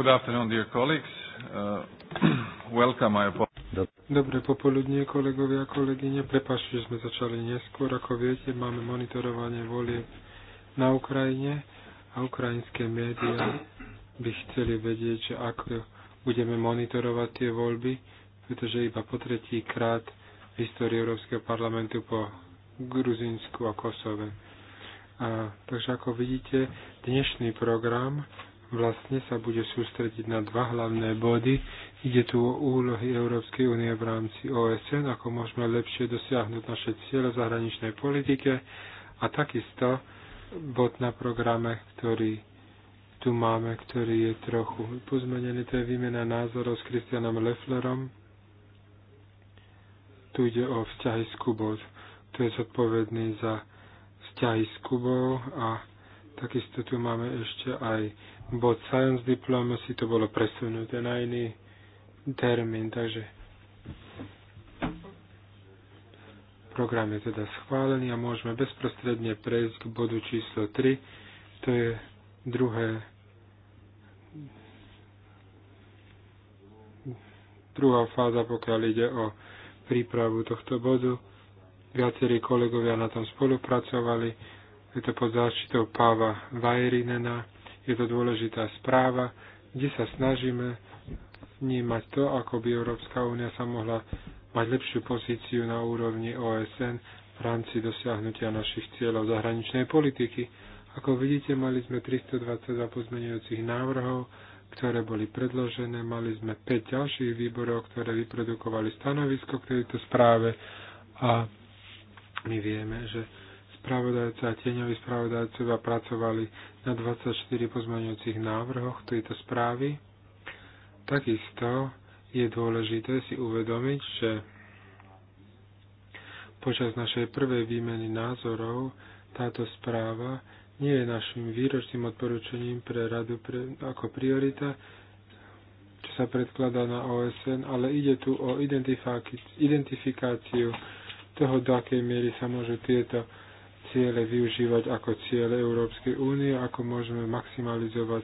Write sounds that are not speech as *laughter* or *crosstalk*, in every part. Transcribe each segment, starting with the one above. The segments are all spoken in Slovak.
Good afternoon, dear colleagues. Uh, *clears throat* welcome, I Dobre popoludnie, kolegovia a kolegyne. Prepašte, že sme začali neskôr. Ako viete, máme monitorovanie volie na Ukrajine a ukrajinské médiá by chceli vedieť, že ako budeme monitorovať tie voľby, pretože iba po tretí krát v histórii Európskeho parlamentu po Gruzínsku a Kosove. A, takže ako vidíte, dnešný program vlastne sa bude sústrediť na dva hlavné body. Ide tu o úlohy Európskej únie v rámci OSN, ako môžeme lepšie dosiahnuť naše cieľe zahraničnej politike a takisto bod na programe, ktorý tu máme, ktorý je trochu pozmenený, to je výmena názorov s Kristianom Lefflerom. Tu ide o vzťahy s Kubou. To je zodpovedný za vzťahy s Kubou a Takisto tu máme ešte aj bod Science Diplomacy, to bolo presunuté na iný termín, takže program je teda schválený a môžeme bezprostredne prejsť k bodu číslo 3, to je druhé druhá fáza, pokiaľ ide o prípravu tohto bodu. Viacerí kolegovia na tom spolupracovali je to pod záštitou Páva Vajrinena. Je to dôležitá správa, kde sa snažíme vnímať to, ako by Európska únia sa mohla mať lepšiu pozíciu na úrovni OSN v rámci dosiahnutia našich cieľov zahraničnej politiky. Ako vidíte, mali sme 322 pozmenujúcich návrhov, ktoré boli predložené. Mali sme 5 ďalších výborov, ktoré vyprodukovali stanovisko k tejto správe a my vieme, že Spravodajca a tieňoví spravodajcovia pracovali na 24 pozmeňujúcich návrhoch tejto správy. Takisto je dôležité si uvedomiť, že počas našej prvej výmeny názorov táto správa nie je našim výročným odporúčením pre radu pre, ako priorita, čo sa predkladá na OSN, ale ide tu o identifikáciu toho, do akej miery sa môžu tieto ciele využívať ako ciele Európskej únie, ako môžeme maximalizovať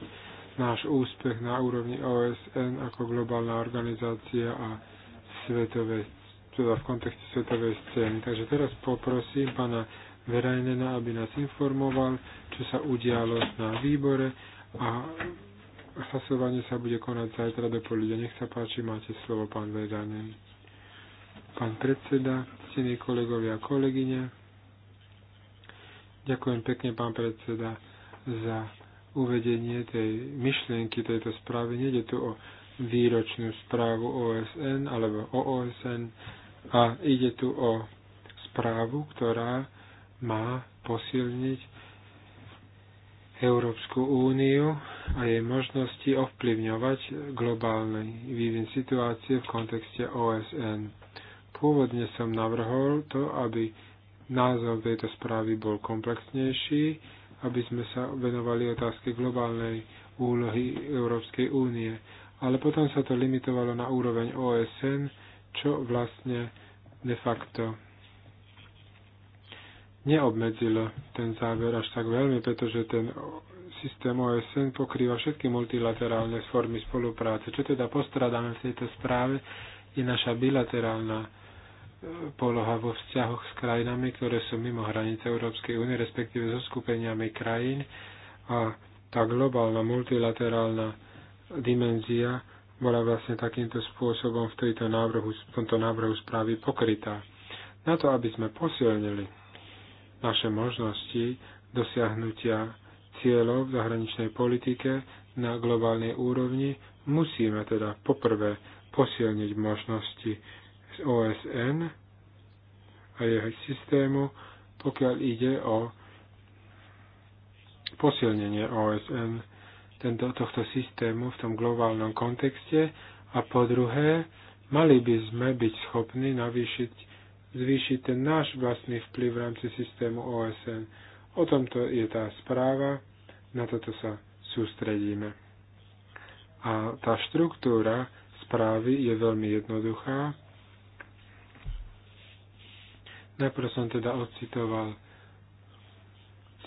náš úspech na úrovni OSN ako globálna organizácia a svetové, teda v kontexte svetovej scény. Takže teraz poprosím pána Verajnena, aby nás informoval, čo sa udialo na výbore a hlasovanie sa bude konať zajtra do poludne. Nech sa páči, máte slovo, pán Verajnen. Pán predseda, ctení kolegovia a kolegyne, Ďakujem pekne, pán predseda, za uvedenie tej myšlienky tejto správy. Nede tu o výročnú správu OSN alebo o OSN a ide tu o správu, ktorá má posilniť Európsku úniu a jej možnosti ovplyvňovať globálny vývin situácie v kontexte OSN. Pôvodne som navrhol to, aby názov tejto správy bol komplexnejší, aby sme sa venovali otázke globálnej úlohy Európskej únie. Ale potom sa to limitovalo na úroveň OSN, čo vlastne de facto neobmedzilo ten záver až tak veľmi, pretože ten systém OSN pokrýva všetky multilaterálne formy spolupráce. Čo teda postradáme v tejto správe, je naša bilaterálna poloha vo vzťahoch s krajinami, ktoré sú mimo hranice Európskej únie, respektíve so skupeniami krajín a tá globálna multilaterálna dimenzia bola vlastne takýmto spôsobom v, tejto návrhu, v tomto návrhu správy pokrytá. Na to, aby sme posilnili naše možnosti dosiahnutia cieľov v zahraničnej politike na globálnej úrovni, musíme teda poprvé posilniť možnosti OSN a jeho systému, pokiaľ ide o posilnenie OSN tento, tohto systému v tom globálnom kontexte a po druhé, mali by sme byť schopní navýšiť, zvýšiť ten náš vlastný vplyv v rámci systému OSN. O tomto je tá správa, na toto sa sústredíme. A tá štruktúra správy je veľmi jednoduchá. Najprv som teda odcitoval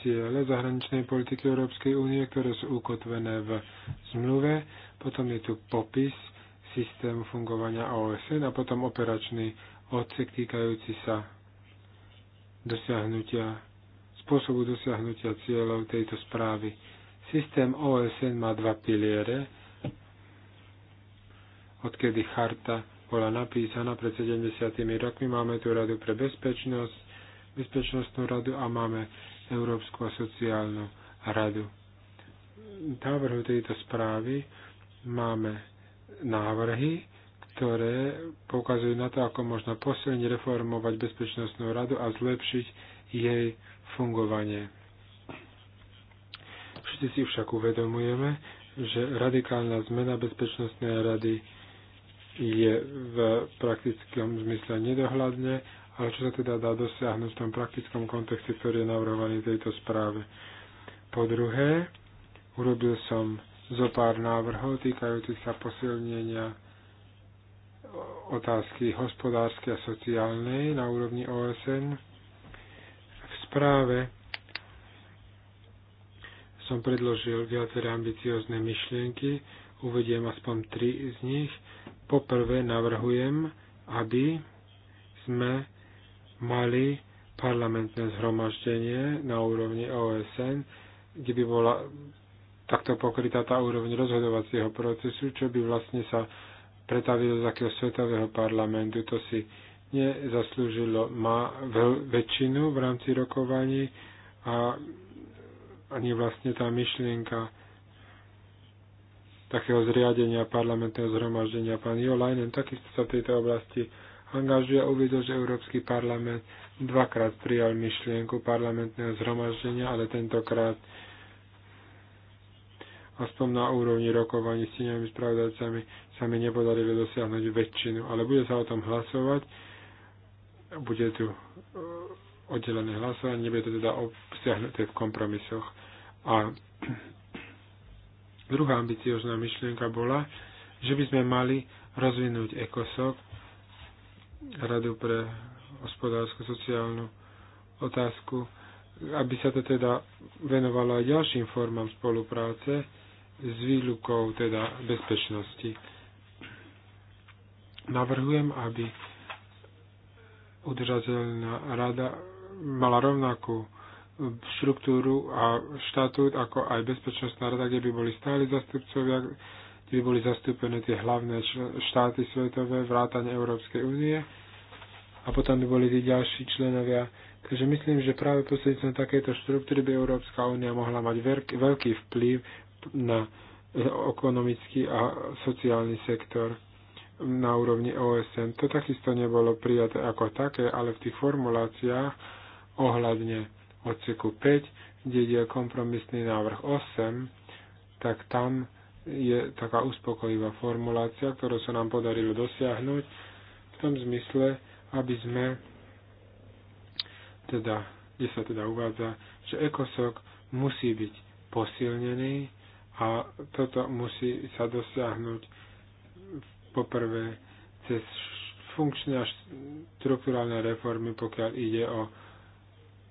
ciele zahraničnej politiky Európskej únie, ktoré sú ukotvené v zmluve, potom je tu popis systému fungovania OSN a potom operačný odsek týkajúci sa dosiahnutia, spôsobu dosiahnutia cieľov tejto správy. Systém OSN má dva piliere, odkedy charta bola napísaná pred 70 rokmi. Máme tu Radu pre bezpečnosť, Bezpečnostnú radu a máme Európsku a sociálnu radu. Návrhu tejto správy máme návrhy, ktoré poukazujú na to, ako možno posilniť, reformovať Bezpečnostnú radu a zlepšiť jej fungovanie. Všetci si však uvedomujeme, že radikálna zmena Bezpečnostnej rady je v praktickom zmysle nedohľadne, ale čo sa teda dá dosiahnuť v tom praktickom kontexte, ktorý je navrhovaný v tejto správe. Po druhé, urobil som zo pár návrhov týkajúcich sa posilnenia otázky hospodárskej a sociálnej na úrovni OSN. V správe som predložil viaceré ambiciozne myšlienky, uvediem aspoň tri z nich. Poprvé navrhujem, aby sme mali parlamentné zhromaždenie na úrovni OSN, kde by bola takto pokrytá tá úroveň rozhodovacieho procesu, čo by vlastne sa pretavilo z takého svetového parlamentu. To si nezaslúžilo. Má väčšinu v rámci rokovaní a ani vlastne tá myšlienka takého zriadenia parlamentného zhromaždenia. Pán Leinen takisto sa v tejto oblasti angažuje a uviedol, že Európsky parlament dvakrát prijal myšlienku parlamentného zhromaždenia, ale tentokrát aspoň na úrovni rokovaní s tieňovými spravodajcami sa mi nepodarilo dosiahnuť väčšinu, ale bude sa o tom hlasovať. Bude tu e, oddelené hlasovanie, nebude to teda obsiahnuté v kompromisoch. A Druhá ambiciozná myšlienka bola, že by sme mali rozvinúť ECOSOC, Radu pre hospodársko sociálnu otázku, aby sa to teda venovalo aj ďalším formám spolupráce s výlukou teda bezpečnosti. Navrhujem, aby udržateľná rada mala rovnakú štruktúru a štatút, ako aj bezpečnostná rada, kde by boli stáli zastupcovia, kde by boli zastúpené tie hlavné štáty svetové, vrátane Európskej únie a potom by boli tí ďalší členovia. Takže myslím, že práve posledníctvom takéto štruktúry by Európska únia mohla mať veľký vplyv na eh, ekonomický a sociálny sektor na úrovni OSN. To takisto nebolo prijaté ako také, ale v tých formuláciách ohľadne odseku 5, kde je kompromisný návrh 8, tak tam je taká uspokojivá formulácia, ktorú sa nám podarilo dosiahnuť v tom zmysle, aby sme teda, kde sa teda uvádza, že ekosok musí byť posilnený a toto musí sa dosiahnuť poprvé cez funkčné a štruktúralne reformy, pokiaľ ide o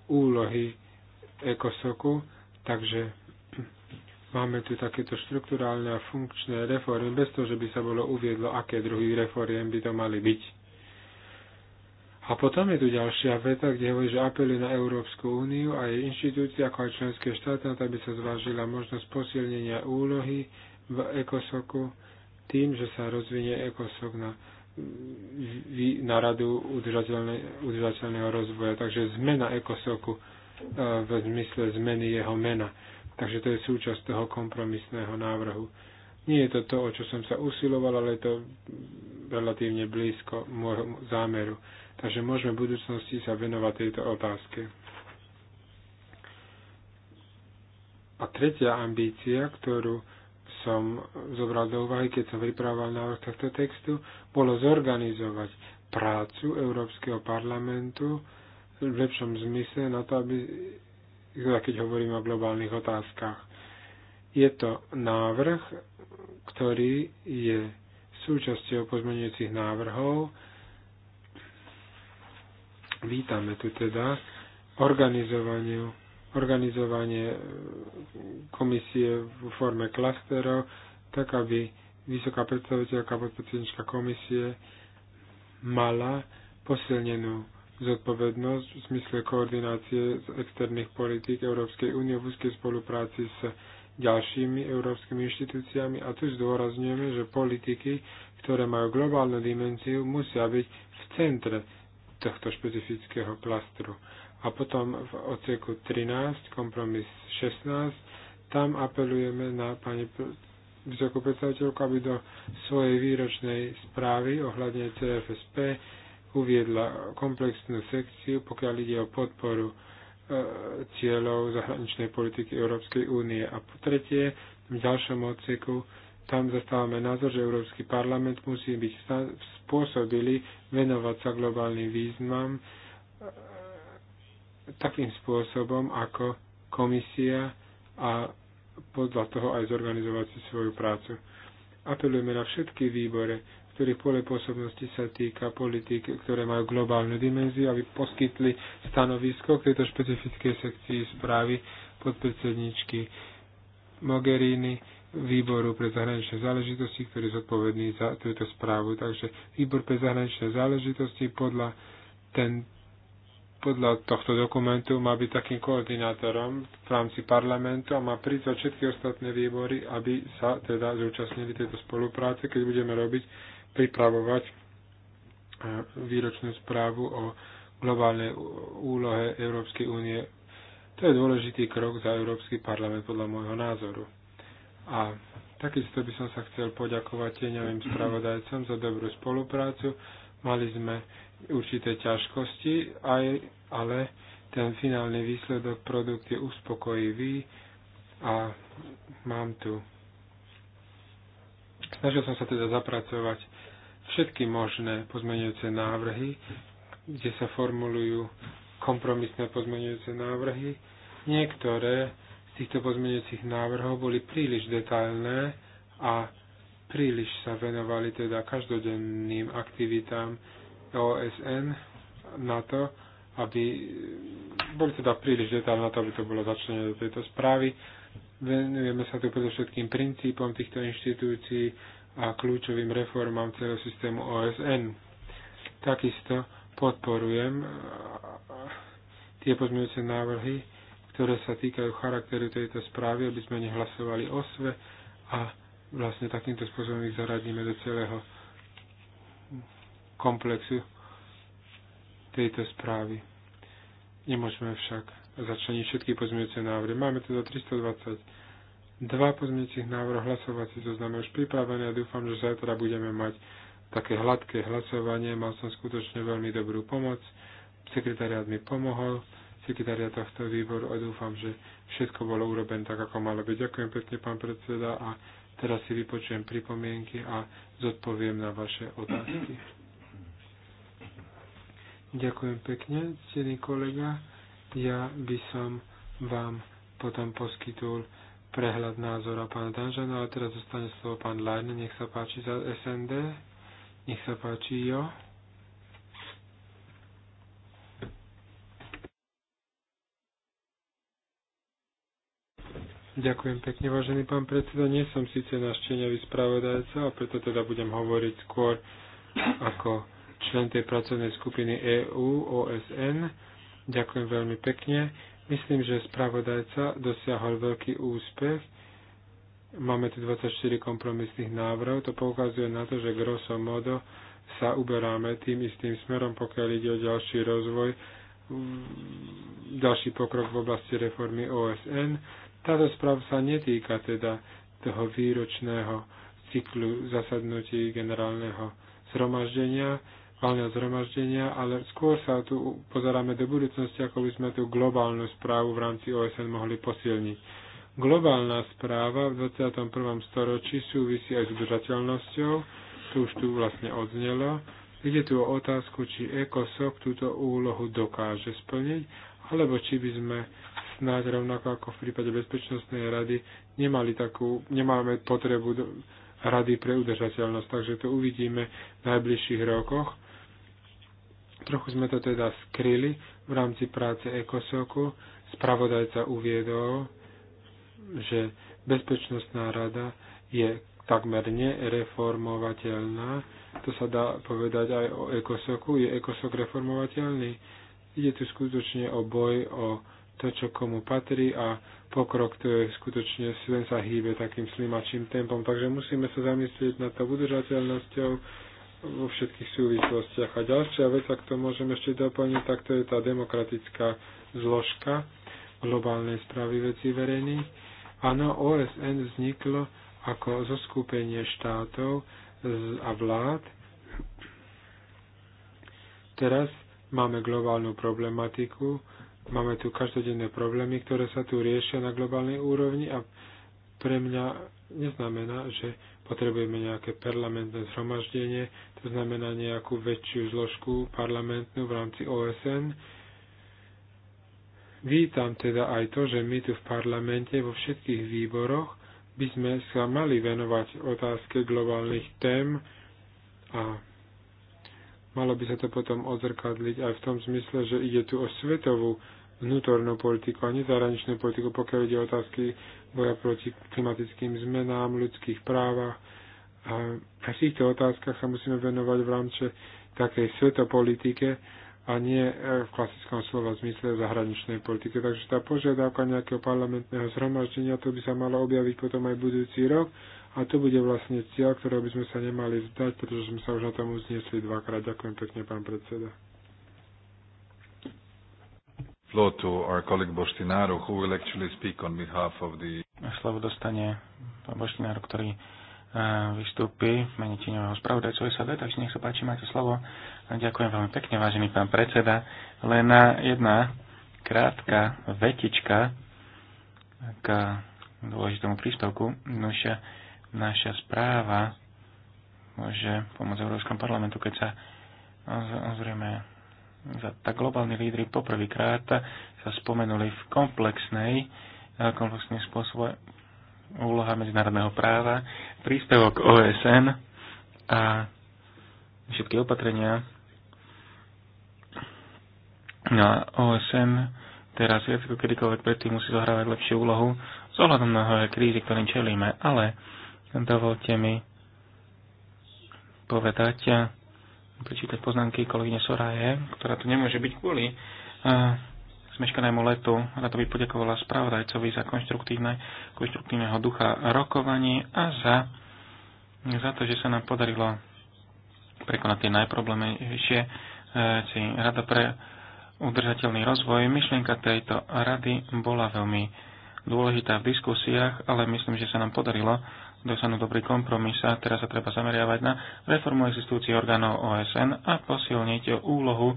úlohy ekosoku, takže máme tu takéto štruktúrálne a funkčné reformy, bez toho, že by sa bolo uviedlo, aké druhy reforiem by to mali byť. A potom je tu ďalšia veta, kde hovorí, že apeluje na Európsku úniu a jej inštitúcie, ako aj členské štáty, na to, aby sa zvážila možnosť posilnenia úlohy v ekosoku tým, že sa rozvinie ekosok na na radu udržateľného rozvoja. Takže zmena ekosoku e, v zmysle zmeny jeho mena. Takže to je súčasť toho kompromisného návrhu. Nie je to to, o čo som sa usiloval, ale je to relatívne blízko môjho zámeru. Takže môžeme v budúcnosti sa venovať tejto otázke. A tretia ambícia, ktorú som zobral do úvahy, keď som pripravoval návrh tohto textu, bolo zorganizovať prácu Európskeho parlamentu v lepšom zmysle na to, aby, teda keď hovoríme o globálnych otázkach. Je to návrh, ktorý je súčasťou pozmeňujúcich návrhov. Vítame tu teda organizovaniu organizovanie e, komisie v forme klasterov, tak aby vysoká predstaviteľka podpredsednička komisie mala posilnenú zodpovednosť v zmysle koordinácie z externých politík Európskej únie v úzkej spolupráci s ďalšími európskymi inštitúciami a tu zdôrazňujeme, že politiky, ktoré majú globálnu dimenziu, musia byť v centre tohto špecifického klastru. A potom v oceku 13, kompromis 16, tam apelujeme na pani vysokú predstaviteľku, aby do svojej výročnej správy ohľadne CFSP uviedla komplexnú sekciu, pokiaľ ide o podporu e, cieľov zahraničnej politiky Európskej únie. A po tretie, v ďalšom odseku, tam zastávame názor, že Európsky parlament musí byť spôsobili venovať sa globálnym význam e, takým spôsobom, ako komisia a podľa toho aj zorganizovať si svoju prácu. Apelujeme na všetky výbore, ktorých pole pôsobnosti sa týka politik, ktoré majú globálnu dimenziu, aby poskytli stanovisko k tejto špecifickej sekcii správy podpredsedničky Mogherini výboru pre zahraničné záležitosti, ktorý je zodpovedný za túto správu. Takže výbor pre zahraničné záležitosti podľa ten, podľa tohto dokumentu má byť takým koordinátorom v rámci parlamentu a má prísť všetky ostatné výbory, aby sa teda zúčastnili tejto spolupráce, keď budeme robiť, pripravovať e, výročnú správu o globálnej úlohe Európskej únie. To je dôležitý krok za Európsky parlament podľa môjho názoru. A takisto by som sa chcel poďakovať tieňovým spravodajcom za dobrú spoluprácu. Mali sme určité ťažkosti, aj, ale ten finálny výsledok produkt je uspokojivý a mám tu. Snažil som sa teda zapracovať všetky možné pozmeňujúce návrhy, kde sa formulujú kompromisné pozmeňujúce návrhy. Niektoré z týchto pozmeňujúcich návrhov boli príliš detailné a príliš sa venovali teda každodenným aktivitám OSN na to, aby boli teda príliš detálne na to, aby to bolo začlenené do tejto správy. Venujeme sa tu predovšetkým princípom týchto inštitúcií a kľúčovým reformám celého systému OSN. Takisto podporujem tie pozmeňujúce návrhy, ktoré sa týkajú charakteru tejto správy, aby sme nehlasovali o sve a vlastne takýmto spôsobom ich zaradíme do celého komplexu tejto správy. Nemôžeme však začleniť všetky pozmeňujúce návrhy. Máme teda 322 pozmeňujúcich návrh hlasovací zoznam už pripravené a dúfam, že zajtra budeme mať také hladké hlasovanie. Mal som skutočne veľmi dobrú pomoc. Sekretariat mi pomohol. sekretariat tohto výboru a dúfam, že všetko bolo urobené tak, ako malo byť. Ďakujem pekne, pán predseda, a teraz si vypočujem pripomienky a zodpoviem na vaše otázky. Ďakujem pekne, cený kolega. Ja by som vám potom poskytul prehľad názora pána Danžana, ale teraz zostane slovo pán Lajne, nech sa páči za SND, nech sa páči jo. Ďakujem pekne, vážený pán predseda. Nie som síce na náš spravodajca, a preto teda budem hovoriť skôr ako člen tej pracovnej skupiny EU, OSN. Ďakujem veľmi pekne. Myslím, že spravodajca dosiahol veľký úspech. Máme tu 24 kompromisných návrhov. To poukazuje na to, že grosso modo sa uberáme tým istým smerom, pokiaľ ide o ďalší rozvoj, ďalší pokrok v oblasti reformy OSN. Táto správa sa netýka teda toho výročného cyklu zasadnutí generálneho zhromaždenia valného zhromaždenia, ale skôr sa tu pozeráme do budúcnosti, ako by sme tú globálnu správu v rámci OSN mohli posilniť. Globálna správa v 21. storočí súvisí aj s udržateľnosťou, to už tu vlastne odznelo. Ide tu o otázku, či ECOSOC túto úlohu dokáže splniť, alebo či by sme snáď rovnako ako v prípade Bezpečnostnej rady nemali takú, nemáme potrebu do, rady pre udržateľnosť, takže to uvidíme v najbližších rokoch. Trochu sme to teda skryli v rámci práce ECOSOKu. Spravodajca uviedol, že Bezpečnostná rada je takmer nereformovateľná. To sa dá povedať aj o ECOSOKu. Je ECOSOK reformovateľný? Ide tu skutočne o boj o to, čo komu patrí a pokrok to je skutočne, sa hýbe takým slimačím tempom, takže musíme sa zamyslieť nad tou udržateľnosťou, vo všetkých súvislostiach. A ďalšia vec, ak to môžem ešte doplniť, tak to je tá demokratická zložka globálnej správy veci verejných. Áno, OSN vzniklo ako zoskupenie štátov a vlád. Teraz máme globálnu problematiku, máme tu každodenné problémy, ktoré sa tu riešia na globálnej úrovni a pre mňa neznamená, že potrebujeme nejaké parlamentné zhromaždenie, to znamená nejakú väčšiu zložku parlamentnú v rámci OSN. Vítam teda aj to, že my tu v parlamente vo všetkých výboroch by sme sa mali venovať otázke globálnych tém a malo by sa to potom odzrkadliť aj v tom zmysle, že ide tu o svetovú vnútornú politiku a nezahraničnú politiku, pokiaľ ide o otázky boja proti klimatickým zmenám, ľudských právach. A v týchto otázkach sa musíme venovať v rámci takej svetopolitike a nie e, v klasickom slova zmysle v zahraničnej politike. Takže tá požiadavka nejakého parlamentného zhromaždenia, to by sa malo objaviť potom aj budúci rok a to bude vlastne cieľ, ktorého by sme sa nemali vzdať, pretože sme sa už na tom uznesli dvakrát. Ďakujem pekne, pán predseda floor to our colleague Boštinaru, who will actually speak on behalf of the... Slovo dostane pán Boštinaru, ktorý e, vystúpi v mene tíňového spravodajcu SAD, takže nech sa páči, máte slovo. Ďakujem veľmi pekne, vážený pán predseda. Len jedna krátka vetička k dôležitému príspevku. Naša, naša správa môže pomôcť Európskom parlamentu, keď sa ozrieme za tak globálni lídry poprvýkrát sa spomenuli v komplexnej, eh, komplexnej spôsobe úloha medzinárodného práva, príspevok OSN a všetky opatrenia. No a OSN teraz viac ako kedykoľvek predtým musí zohrávať lepšiu úlohu s ohľadom na hoje krízy, ktorým čelíme, ale dovolte mi povedať, eh, prečítať poznámky kolegyne Soraje, ktorá tu nemôže byť kvôli uh, zmeškanému letu. Rada by poďakovala spravodajcovi za konštruktívne, konštruktívneho ducha rokovanie a za, za to, že sa nám podarilo prekonať tie najproblémejšie eh, si Rada pre udržateľný rozvoj. Myšlienka tejto rady bola veľmi dôležitá v diskusiách, ale myslím, že sa nám podarilo dosiahnuť dobrý kompromis a teraz sa treba zameriavať na reformu existujúcich orgánov OSN a posilniť úlohu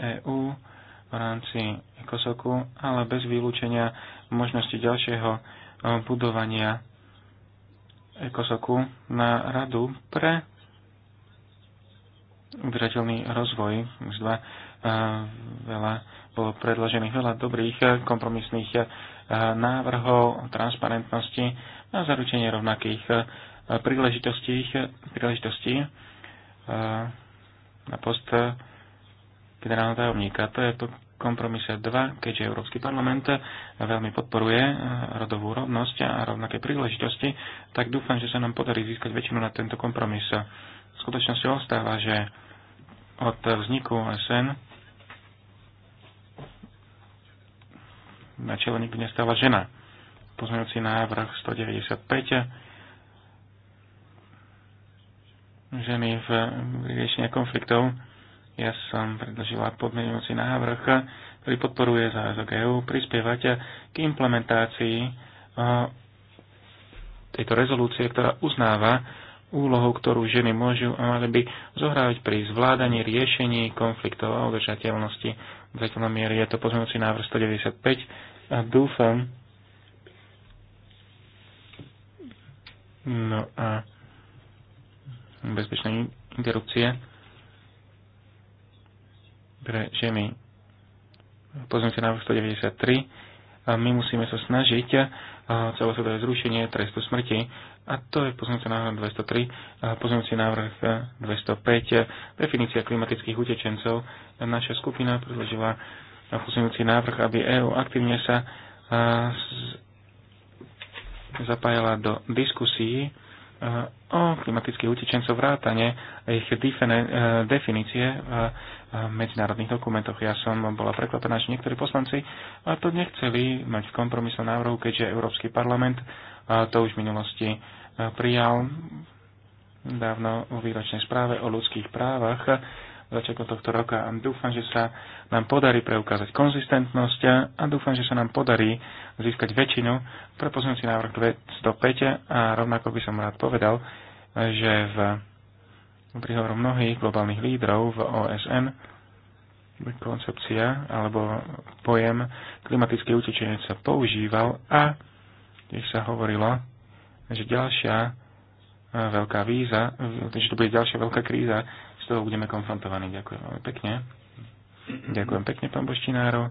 EÚ eh, e v rámci Kosoku, ale bez vylúčenia možnosti ďalšieho eh, budovania Kosoku na radu pre udržateľný rozvoj. Už dva, eh, veľa, bolo predložených veľa dobrých kompromisných návrhov transparentnosti na zaručenie rovnakých e, príležitostí, e, príležitostí e, na post generálneho tajomníka. To je to kompromise 2, keďže Európsky parlament veľmi podporuje rodovú rovnosť a rovnaké príležitosti, tak dúfam, že sa nám podarí získať väčšinu na tento kompromis. skutočnosti ostáva, že od vzniku SN na čelo nikdy nestála žena pozmeňujúci návrh 195 ženy v vyriešení konfliktov. Ja som predložila podmienujúci návrh, ktorý podporuje záväzok EU prispievať k implementácii tejto rezolúcie, ktorá uznáva úlohu, ktorú ženy môžu a mali by zohrávať pri zvládaní riešení konfliktov a udržateľnosti. V zatiaľnom miere je to pozmeňujúci návrh 195 a dúfam, No a bezpečné interrupcie pre ženy. Pozrite na 193. A my musíme sa snažiť celosvetové zrušenie trestu smrti. A to je pozornica návrh 203, a pozornica návrh 205, definícia klimatických utečencov. Naša skupina predložila pozornici návrh, aby EÚ aktívne sa zapájala do diskusí eh, o klimatických utečencov vrátane ich eh, definície eh, v medzinárodných dokumentoch. Ja som bola prekvapená, že niektorí poslanci to nechceli mať v kompromisnom návrhu, keďže Európsky parlament to už v minulosti prijal dávno o výročnej správe o ľudských právach začiatkom tohto roka a dúfam, že sa nám podarí preukázať konzistentnosť a dúfam, že sa nám podarí získať väčšinu pre pozornosť návrh 205 a rovnako by som rád povedal, že v príhovoru mnohých globálnych lídrov v OSN koncepcia alebo pojem klimatický utečenec sa používal a tiež sa hovorilo, že ďalšia e, veľká víza, že to bude ďalšia veľká kríza s toho budeme konfrontovaní. Ďakujem veľmi pekne. Ďakujem pekne, pán Boštinárov,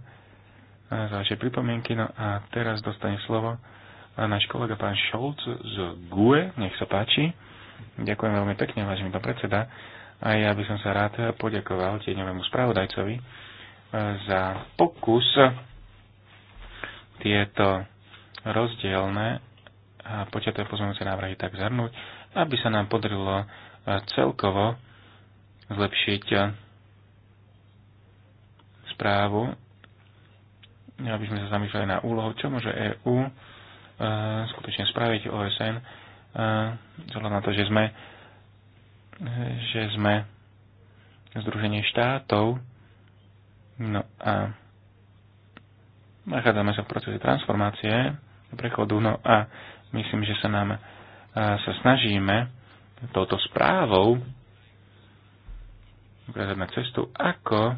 za vaše pripomienky. No a teraz dostane slovo náš kolega pán Šolc z GUE. Nech sa páči. Ďakujem veľmi pekne, vážený pán predseda. A ja by som sa rád poďakoval tieňovému spravodajcovi e, za pokus tieto rozdielne a počiatové pozmeňujúce návrhy tak zhrnúť, aby sa nám podarilo e, celkovo zlepšiť eh, správu, aby sme sa zamýšľali na úlohu, čo môže EÚ eh, skutočne spraviť OSN, eh, vzhľadom na to, že sme, že sme Združenie štátov, no a nachádzame sa v procese transformácie, prechodu, no a myslím, že sa nám sa snažíme touto správou ukázať na cestu, ako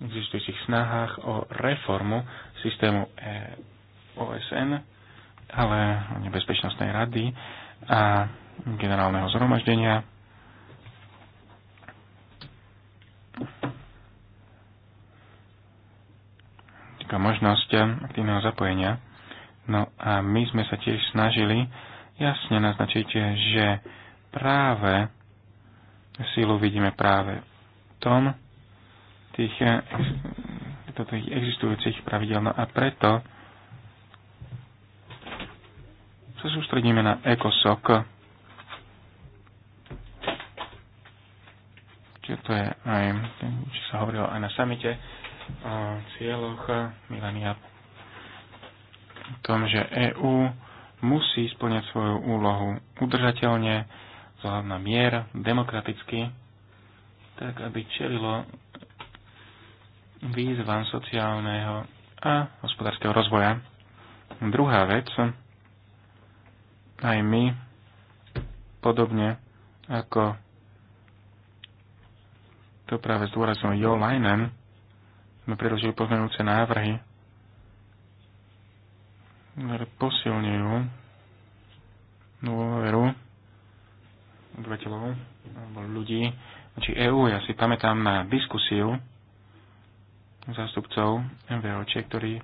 v existujúcich snahách o reformu systému e- OSN, ale Bezpečnostnej rady a generálneho zhromaždenia. týka možnosť aktívneho zapojenia. No a my sme sa tiež snažili jasne naznačiť, že práve sílu vidíme práve v tom, tých, tých existujúcich pravidel. No a preto sa sústredíme na ECOSOC, čiže to je aj, čo sa hovorilo aj na samite, o cieľoch Milania v tom, že EÚ musí splňať svoju úlohu udržateľne, hlavná na mier demokraticky, tak aby čelilo výzvam sociálneho a hospodárskeho rozvoja. Druhá vec, aj my, podobne ako to práve zdôraznil Jo Leinen, sme predložili pozmeňujúce návrhy, ktoré posilňujú dôveru obyvateľov, alebo ľudí, či EÚ. Ja si pamätám na diskusiu zástupcov MVOČ, ktorí eh,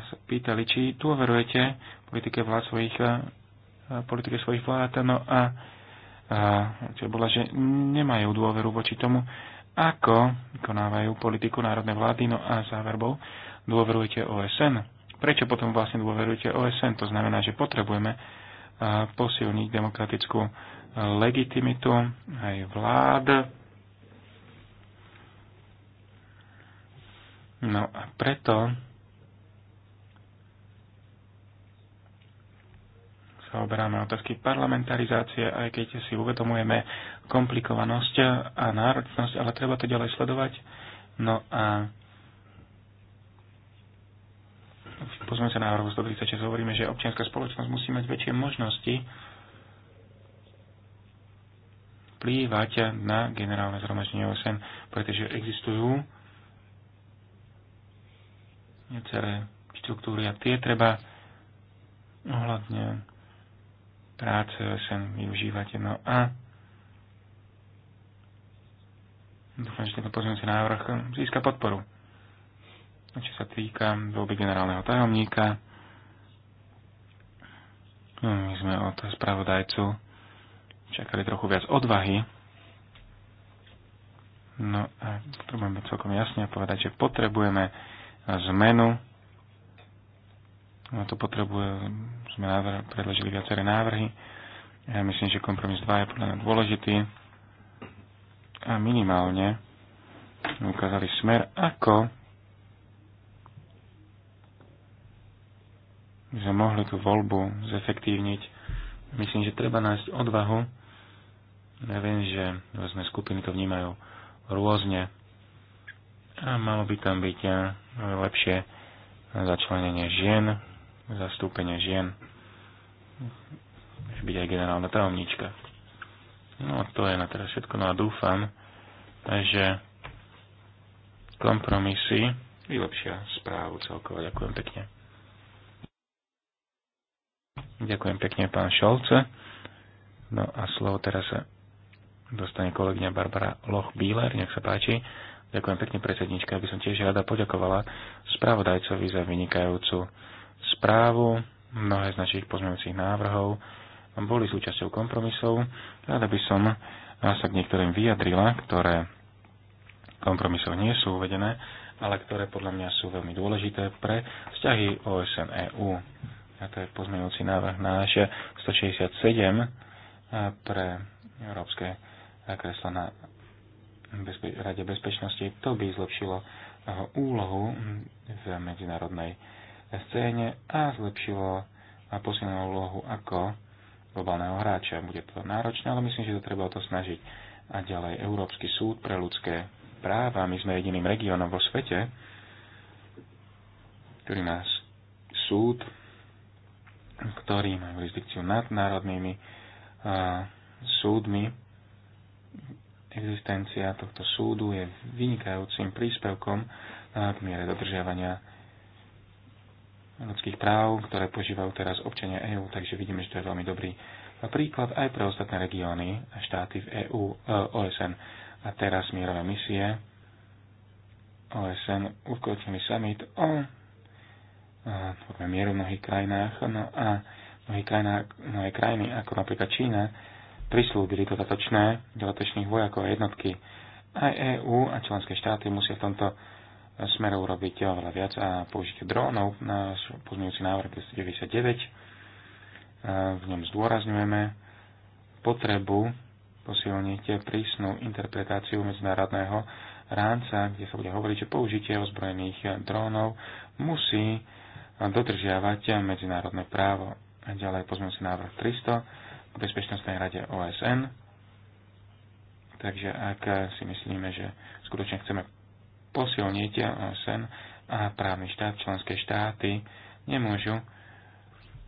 sa pýtali, či dôverujete politike vlád svojich, eh, politike svojich vlád, no a, a eh, čo bola, že nemajú dôveru voči tomu, ako konávajú politiku národnej vlády, no a záver bol, dôverujete OSN. Prečo potom vlastne dôverujete OSN? To znamená, že potrebujeme posilniť demokratickú legitimitu aj vlád. No a preto sa oberáme otázky parlamentarizácie, aj keď si uvedomujeme komplikovanosť a náročnosť, ale treba to ďalej sledovať. No a v pozmeňujúcom návrhu 126, hovoríme, že občianská spoločnosť musí mať väčšie možnosti vplývať na generálne zhromaždenie OSN, pretože existujú celé štruktúry a tie treba ohľadne práce OSN využívať. No a dúfam, že tento pozornosť návrh získa podporu. Čo sa týka doby generálneho tajomníka, no, my sme od spravodajcu čakali trochu viac odvahy. No a potrebujeme celkom jasne povedať, že potrebujeme zmenu. No to potrebuje, sme návrh, predložili viaceré návrhy. Ja myslím, že kompromis 2 je podľa mňa dôležitý a minimálne ukázali smer, ako by sme mohli tú voľbu zefektívniť. Myslím, že treba nájsť odvahu ja viem, že rôzne skupiny to vnímajú rôzne a malo by tam byť eh, lepšie začlenenie žien, zastúpenie žien. Môže byť aj generálna tajomnička. No a to je na teraz všetko. No a dúfam, že kompromisy vylepšia správu celkovo. Ďakujem pekne. Ďakujem pekne, pán Šolce. No a slovo teraz dostane kolegyňa Barbara Loch-Bíler, nech sa páči. Ďakujem pekne predsednička, aby som tiež rada poďakovala spravodajcovi za vynikajúcu správu. Mnohé z našich pozmeňujúcich návrhov boli súčasťou kompromisov. Rada by som sa k niektorým vyjadrila, ktoré kompromisov nie sú uvedené, ale ktoré podľa mňa sú veľmi dôležité pre vzťahy OSN-EU. A to je pozmeňujúci návrh náš 167 pre európske kreslo na Rade bezpečnosti. To by zlepšilo eh, úlohu v medzinárodnej scéne a zlepšilo a posilnilo úlohu ako globálneho hráča. Bude to náročné, ale myslím, že to treba o to snažiť. A ďalej Európsky súd pre ľudské práva. My sme jediným regiónom vo svete, ktorý má súd, ktorý má jurisdikciu nad národnými eh, súdmi Existencia tohto súdu je vynikajúcim príspevkom na miere dodržiavania ľudských práv, ktoré požívajú teraz občania EÚ, takže vidíme, že to je veľmi dobrý príklad aj pre ostatné regióny a štáty v EÚ, e, OSN. A teraz mierové misie OSN ukončili summit e, o mieru v mnohých krajinách, no a mnohých krajinách, mnohé krajiny, ako napríklad Čína, prislúbili dodatočné, dodatočných vojakov a jednotky. Aj EÚ a členské štáty musia v tomto smere urobiť oveľa viac a použitie drónov. Náš pozmeňujúci návrh 299 e, v ňom zdôrazňujeme potrebu posilniť prísnu interpretáciu medzinárodného rámca, kde sa bude hovoriť, že použitie ozbrojených drónov musí dodržiavať medzinárodné právo. Ďalej pozmeňujúci návrh 300 o Bezpečnostnej rade OSN. Takže ak si myslíme, že skutočne chceme posilniť OSN a právny štát, členské štáty nemôžu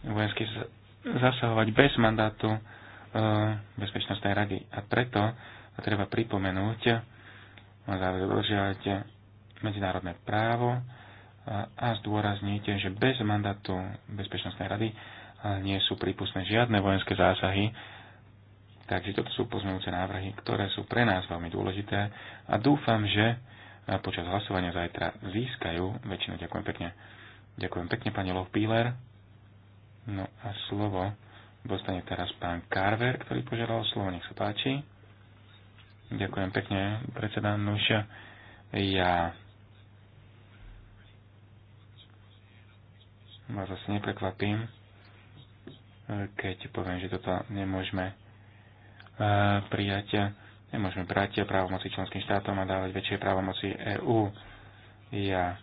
vojensky zasahovať bez mandátu e, Bezpečnostnej rady. A preto treba pripomenúť, a zavržiať medzinárodné právo a zdôrazniť, že bez mandátu Bezpečnostnej rady nie sú prípustné žiadne vojenské zásahy, takže toto sú pozmeňujúce návrhy, ktoré sú pre nás veľmi dôležité a dúfam, že eh, počas hlasovania zajtra získajú väčšinu. Ďakujem pekne. Ďakujem pekne, pani Lovpíler. No a slovo dostane teraz pán Carver, ktorý požiadal slovo. Nech sa páči. Ďakujem pekne, predseda Nuša. Ja vás asi neprekvapím keď poviem, že toto nemôžeme e, prijať, nemôžeme brať právomoci členským štátom a dávať väčšie právomoci EÚ. Ja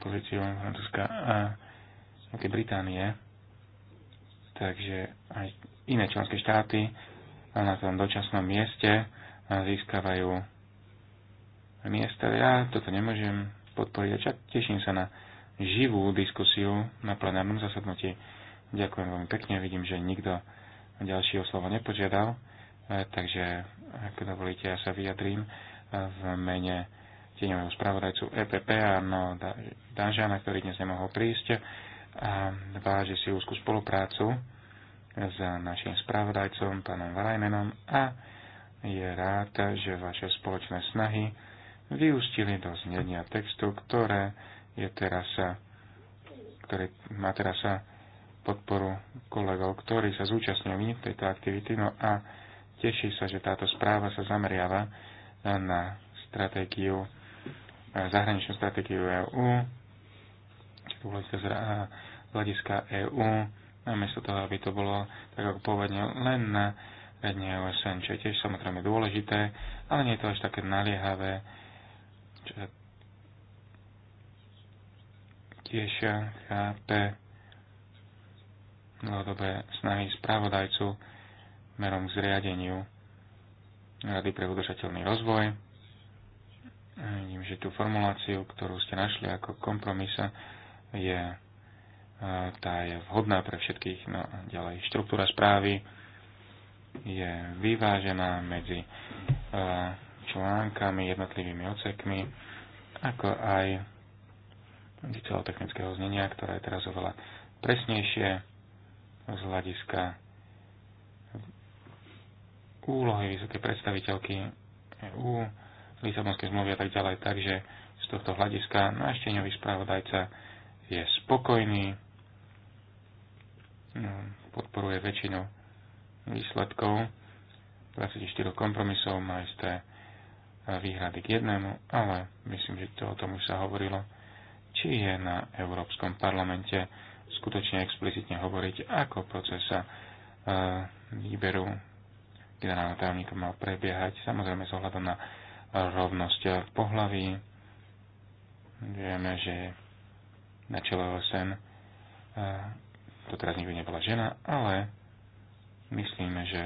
pozíciu Francúzska a Veľkej Británie, takže aj iné členské štáty na tom dočasnom mieste získavajú miesta. Ja toto nemôžem podporiť a čak teším sa na živú diskusiu na plenárnom zasadnutí. Ďakujem veľmi pekne, vidím, že nikto ďalšieho slova nepožiadal, e, takže ak dovolíte, ja sa vyjadrím e, v mene tieňového spravodajcu EPP a no, Danžana, ktorý dnes nemohol prísť a váži si úzku spoluprácu s našim spravodajcom, pánom Varajmenom a je rád, že vaše spoločné snahy vyústili do znenia textu, ktoré je teraz, ktorý má teraz podporu kolegov, ktorí sa zúčastňujú v tejto aktivity. No a teší sa, že táto správa sa zameriava na stratégiu, zahraničnú stratégiu EÚ, z hľadiska EÚ, namiesto toho, aby to bolo, tak ako pôvodne, len na radne OSN, čo je tiež samozrejme dôležité, ale nie je to až také naliehavé, čo sa tiež eh, chápe dlhodobé snahy spravodajcu merom k zriadeniu Rady pre udržateľný rozvoj. Vidím, že tú formuláciu, ktorú ste našli ako kompromisa, je, eh, tá je vhodná pre všetkých. No, ďalej, štruktúra správy je vyvážená medzi eh, článkami, jednotlivými ocekmi, ako aj celého technického znenia, ktoré je teraz oveľa presnejšie z hľadiska úlohy vysokej predstaviteľky EU, Lisabonskej zmluvy a tak ďalej. Takže z tohto hľadiska nášteňový spravodajca je spokojný, no, podporuje väčšinu výsledkov, 24 kompromisov, má isté výhrady k jednému, ale myslím, že to o tom už sa hovorilo či je na Európskom parlamente skutočne explicitne hovoriť, ako proces e, výberu generálneho tajomníka mal prebiehať, samozrejme s ohľadom na rovnosť v pohlaví. Vieme, že na čele OSN e, eh, to teraz nikdy nebola žena, ale myslíme, že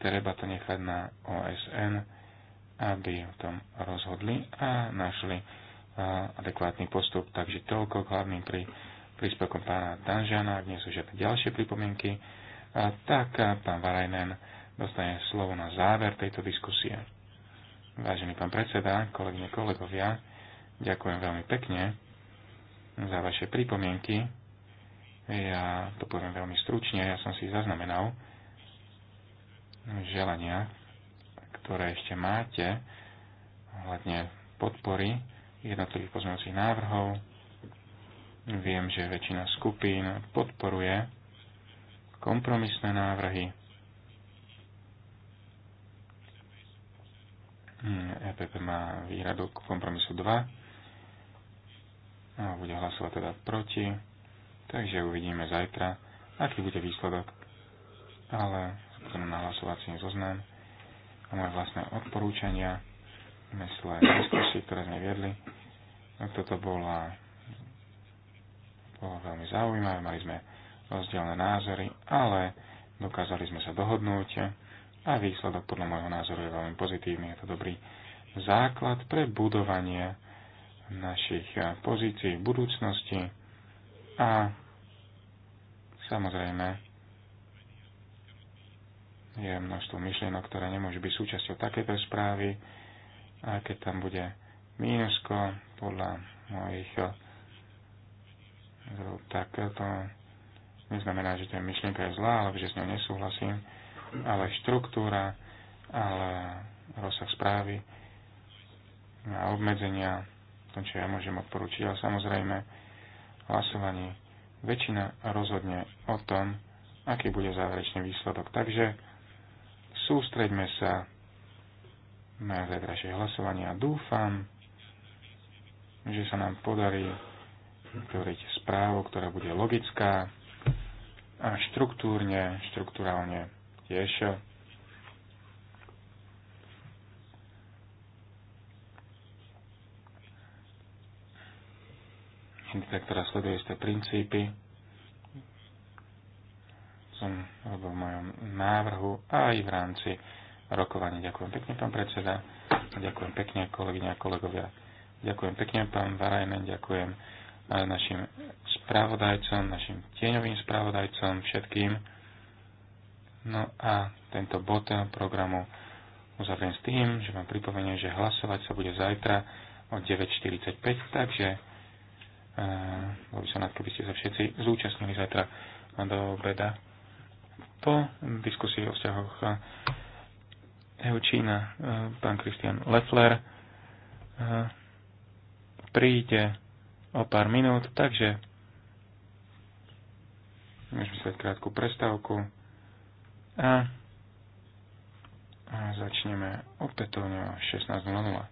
treba to nechať na OSN, aby o tom rozhodli a našli adekvátny postup. Takže toľko k hlavným pri príspevkom pána Danžana, ak nie sú žiadne ďalšie pripomienky, a tak pán Varajnen dostane slovo na záver tejto diskusie. Vážený pán predseda, kolegyne, kolegovia, ďakujem veľmi pekne za vaše pripomienky. Ja to poviem veľmi stručne, ja som si zaznamenal želania, ktoré ešte máte, hľadne podpory jednotlivých pozmeňovacích návrhov. Viem, že väčšina skupín podporuje kompromisné návrhy. Hm, EPP má výhradu k kompromisu 2 a bude hlasovať teda proti, takže uvidíme zajtra, aký bude výsledok. Ale na hlasovací zoznam a moje vlastné odporúčania Neslo rozkoši, ktoré sme viedli. No, toto bola, bolo veľmi zaujímavé, mali sme rozdielne názory, ale dokázali sme sa dohodnúť a výsledok podľa môjho názoru je veľmi pozitívny. Je to dobrý základ pre budovanie našich pozícií v budúcnosti a samozrejme je množstvo myšlienok, ktoré nemôžu byť súčasťou takéto správy, a keď tam bude mínusko podľa mojich eh, tak to neznamená, že tá myšlienka je zlá, alebo že s ňou nesúhlasím, ale štruktúra, ale rozsah správy a obmedzenia, to, čo ja môžem odporúčiť, ale samozrejme hlasovanie väčšina rozhodne o tom, aký bude záverečný výsledok. Takže sústreďme sa na zajtrajšie hlasovanie a dúfam, že sa nám podarí vytvoriť správu, ktorá bude logická a štruktúrne, štruktúralne tiež entita, ktorá sleduje isté princípy, som v mojom návrhu a aj v rámci rokovanie. Ďakujem pekne, pán predseda. Ďakujem pekne, kolegyne a kolegovia. Ďakujem pekne, pán Varajmen. Ďakujem e, našim správodajcom, našim tieňovým správodajcom, všetkým. No a tento bod programu uzavriem s tým, že vám pripomeniem, že hlasovať sa bude zajtra o 9.45, takže e, bol by som rád, keby ste sa všetci zúčastnili zajtra do obeda po diskusii o vzťahoch EU Čína, e, pán Kristian Leffler, e, príde o pár minút, takže môžeme sať krátku prestávku a začneme opätovne o 16.00.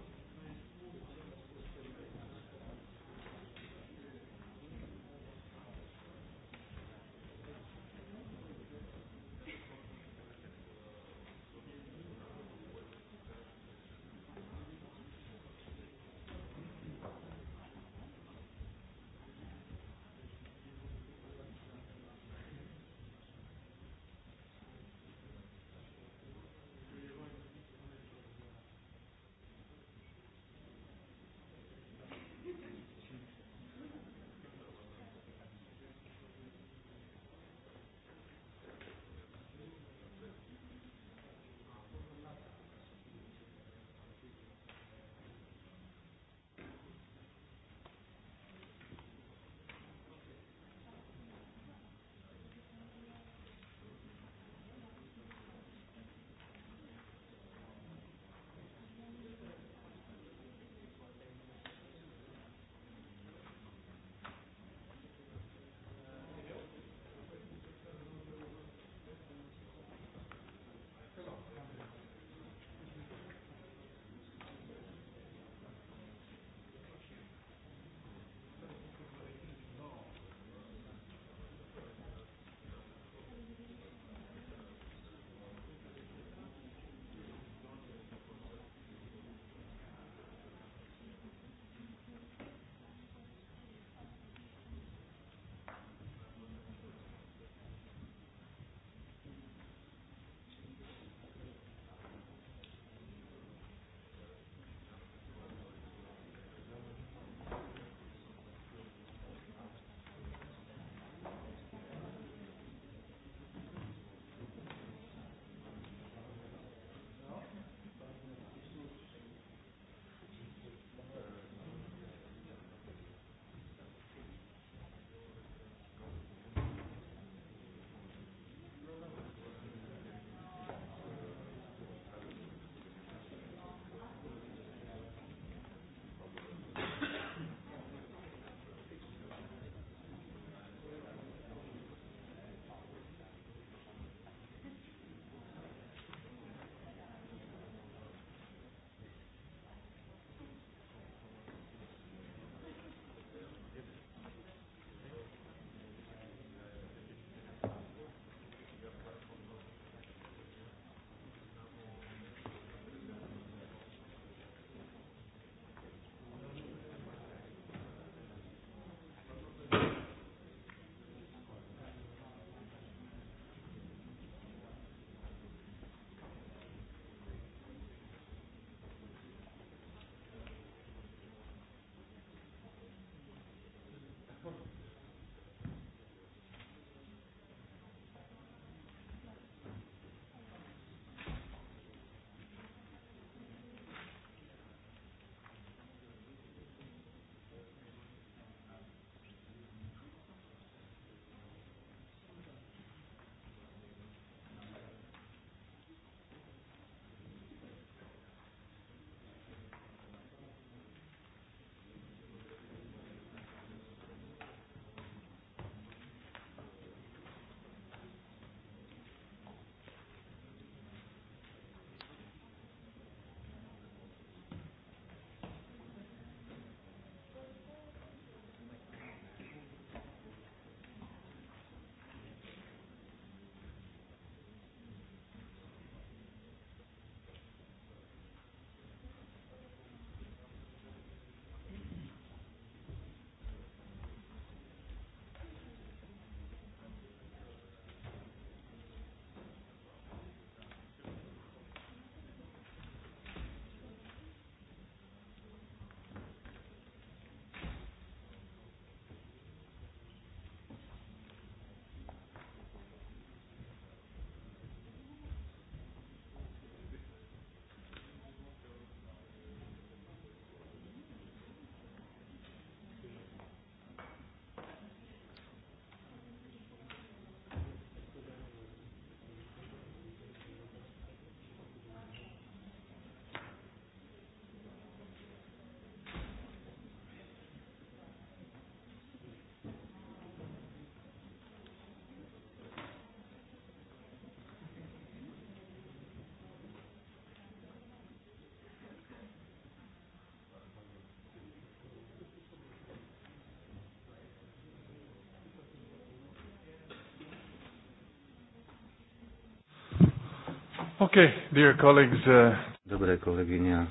Okay, dear colleagues. Uh... Dobré kolegyne a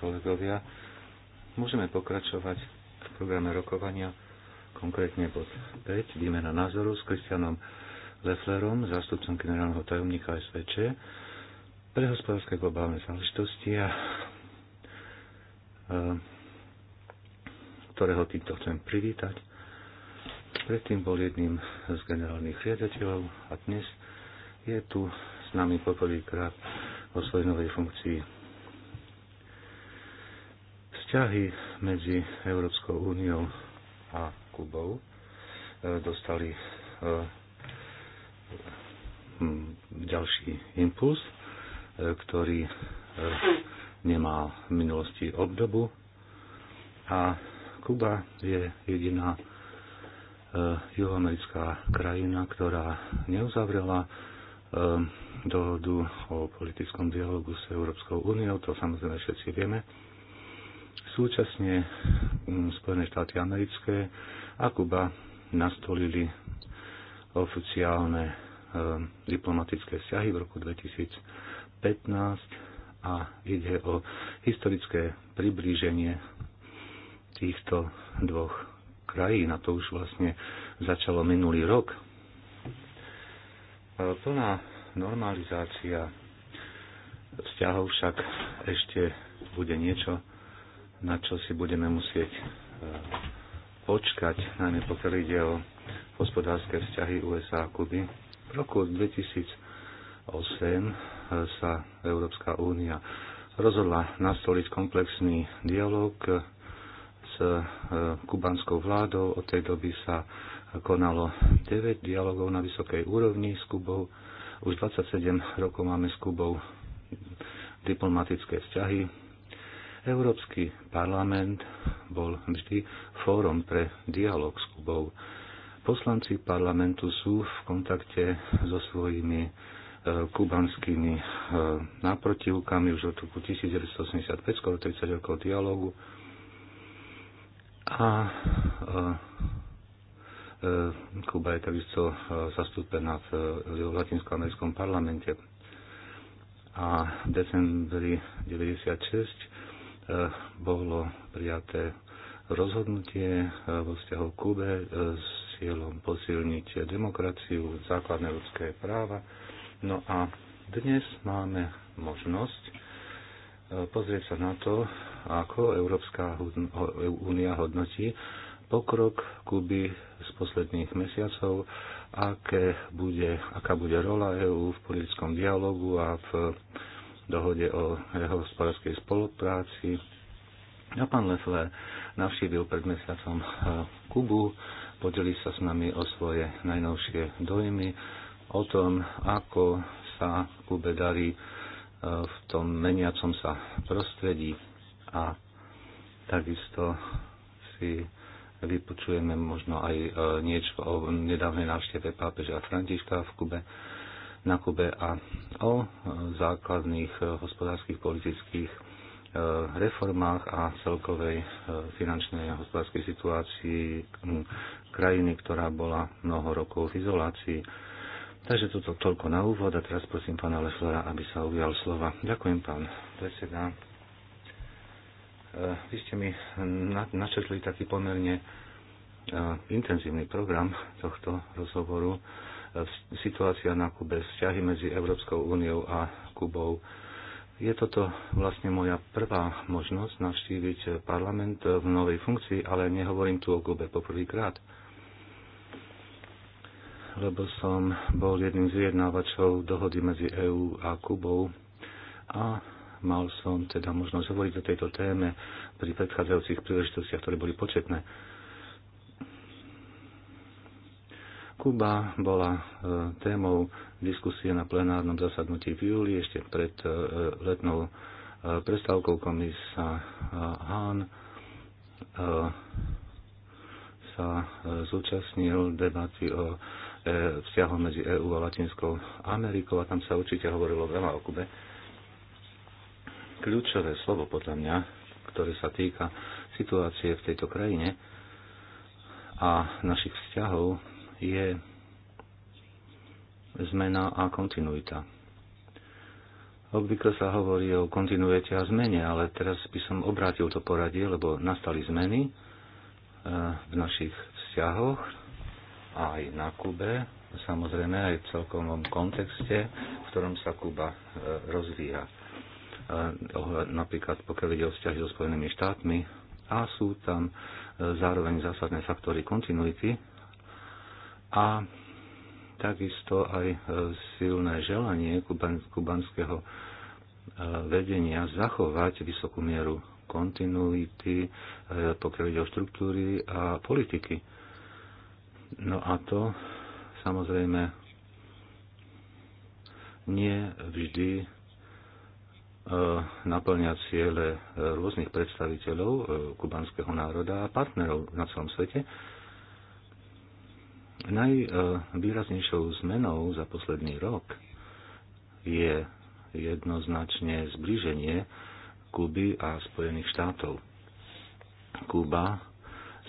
kolegovia, môžeme pokračovať v programe rokovania, konkrétne pod 5, výmena názoru s Kristianom Lefflerom, zástupcom generálneho tajomníka SVČ pre hospodárske globálne záležitosti a ktorého týmto chcem privítať. Predtým bol jedným z generálnych riaditeľov a dnes je tu s nami poprvýkrát vo svojej novej funkcii. Vzťahy medzi Európskou úniou a Kubou e, dostali e, ďalší impuls, e, ktorý nemá v minulosti obdobu a Kuba je jediná juhoamerická krajina, ktorá neuzavrela dohodu o politickom dialogu s Európskou úniou, to samozrejme všetci vieme. Súčasne mm, Spojené štáty americké a Kuba nastolili oficiálne ehm, diplomatické vzťahy v roku 2015 a ide o historické priblíženie týchto dvoch krajín a to už vlastne začalo minulý rok. Plná Normalizácia vzťahov však ešte bude niečo, na čo si budeme musieť e, počkať, najmä pokiaľ ide o hospodárske vzťahy USA a Kuby. V roku 2008 e, sa Európska únia rozhodla nastoliť komplexný dialog s e, kubanskou vládou. Od tej doby sa konalo 9 dialogov na vysokej úrovni s Kubou už 27 rokov máme s Kubou diplomatické vzťahy. Európsky parlament bol vždy fórom pre dialog s Kubou. Poslanci parlamentu sú v kontakte so svojimi e, kubanskými e, náprotivkami už od roku 1985, skoro 30 rokov dialogu. A e, E, Kuba je takisto e, zastúpená v Latinskoamerickom parlamente. A v decembri 1996 e, bolo prijaté rozhodnutie vo vzťahu Kube s cieľom posilniť demokraciu, základné ľudské práva. No a dnes máme možnosť pozrieť sa na to, ako Európska únia hodnotí pokrok Kuby z posledných mesiacov, aké bude, aká bude rola EÚ v politickom dialogu a v dohode o jeho hospodárskej spolupráci. A pán Lefle navštívil pred mesiacom eh, Kubu, podeli sa s nami o svoje najnovšie dojmy, o tom, ako sa Kube darí eh, v tom meniacom sa prostredí a takisto si vypočujeme možno aj e, niečo o nedávnej návšteve pápeža Františka v Kube, na Kube a o e, základných e, hospodárskych, politických reformách a celkovej finančnej a hospodárskej situácii krajiny, ktorá bola mnoho rokov v izolácii. Takže toto toľko na úvod a teraz prosím pána Leflera, aby sa ujal slova. Ďakujem, pán predseda. Eh, vy ste mi načetli taký pomerne eh, intenzívny program tohto rozhovoru. Eh, situácia na Kube, vzťahy medzi Európskou úniou a Kubou. Je toto vlastne moja prvá možnosť navštíviť parlament v novej funkcii, ale nehovorím tu o Kube poprvýkrát lebo som bol jedným z vyjednávačov dohody medzi EÚ a Kubou a Mal som teda možnosť hovoriť o tejto téme pri predchádzajúcich príležitostiach, ktoré boli početné. Kuba bola e, témou diskusie na plenárnom zasadnutí v júli, ešte pred e, letnou e, prestávkou komisa Hahn sa zúčastnil debaty o vzťahu medzi EÚ a Latinskou Amerikou a tam sa určite hovorilo veľa o Kube kľúčové slovo podľa mňa, ktoré sa týka situácie v tejto krajine a našich vzťahov, je zmena a kontinuita. Obvykle sa hovorí o kontinuite a zmene, ale teraz by som obrátil to poradie, lebo nastali zmeny eh, v našich vzťahoch aj na Kube, samozrejme aj v celkovom kontexte, v ktorom sa Kuba eh, rozvíja Eh, napríklad pokiaľ ide o vzťahy so Spojenými štátmi a sú tam eh, zároveň zásadné faktory kontinuity a takisto aj eh, silné želanie kubanského vedenia zachovať vysokú mieru kontinuity, pokiaľ ide o štruktúry a politiky. No a to samozrejme nie vždy E, naplňa ciele e, rôznych predstaviteľov e, kubanského národa a partnerov na celom svete. Najvýraznejšou zmenou za posledný rok je jednoznačne zbliženie Kuby a Spojených štátov. Kuba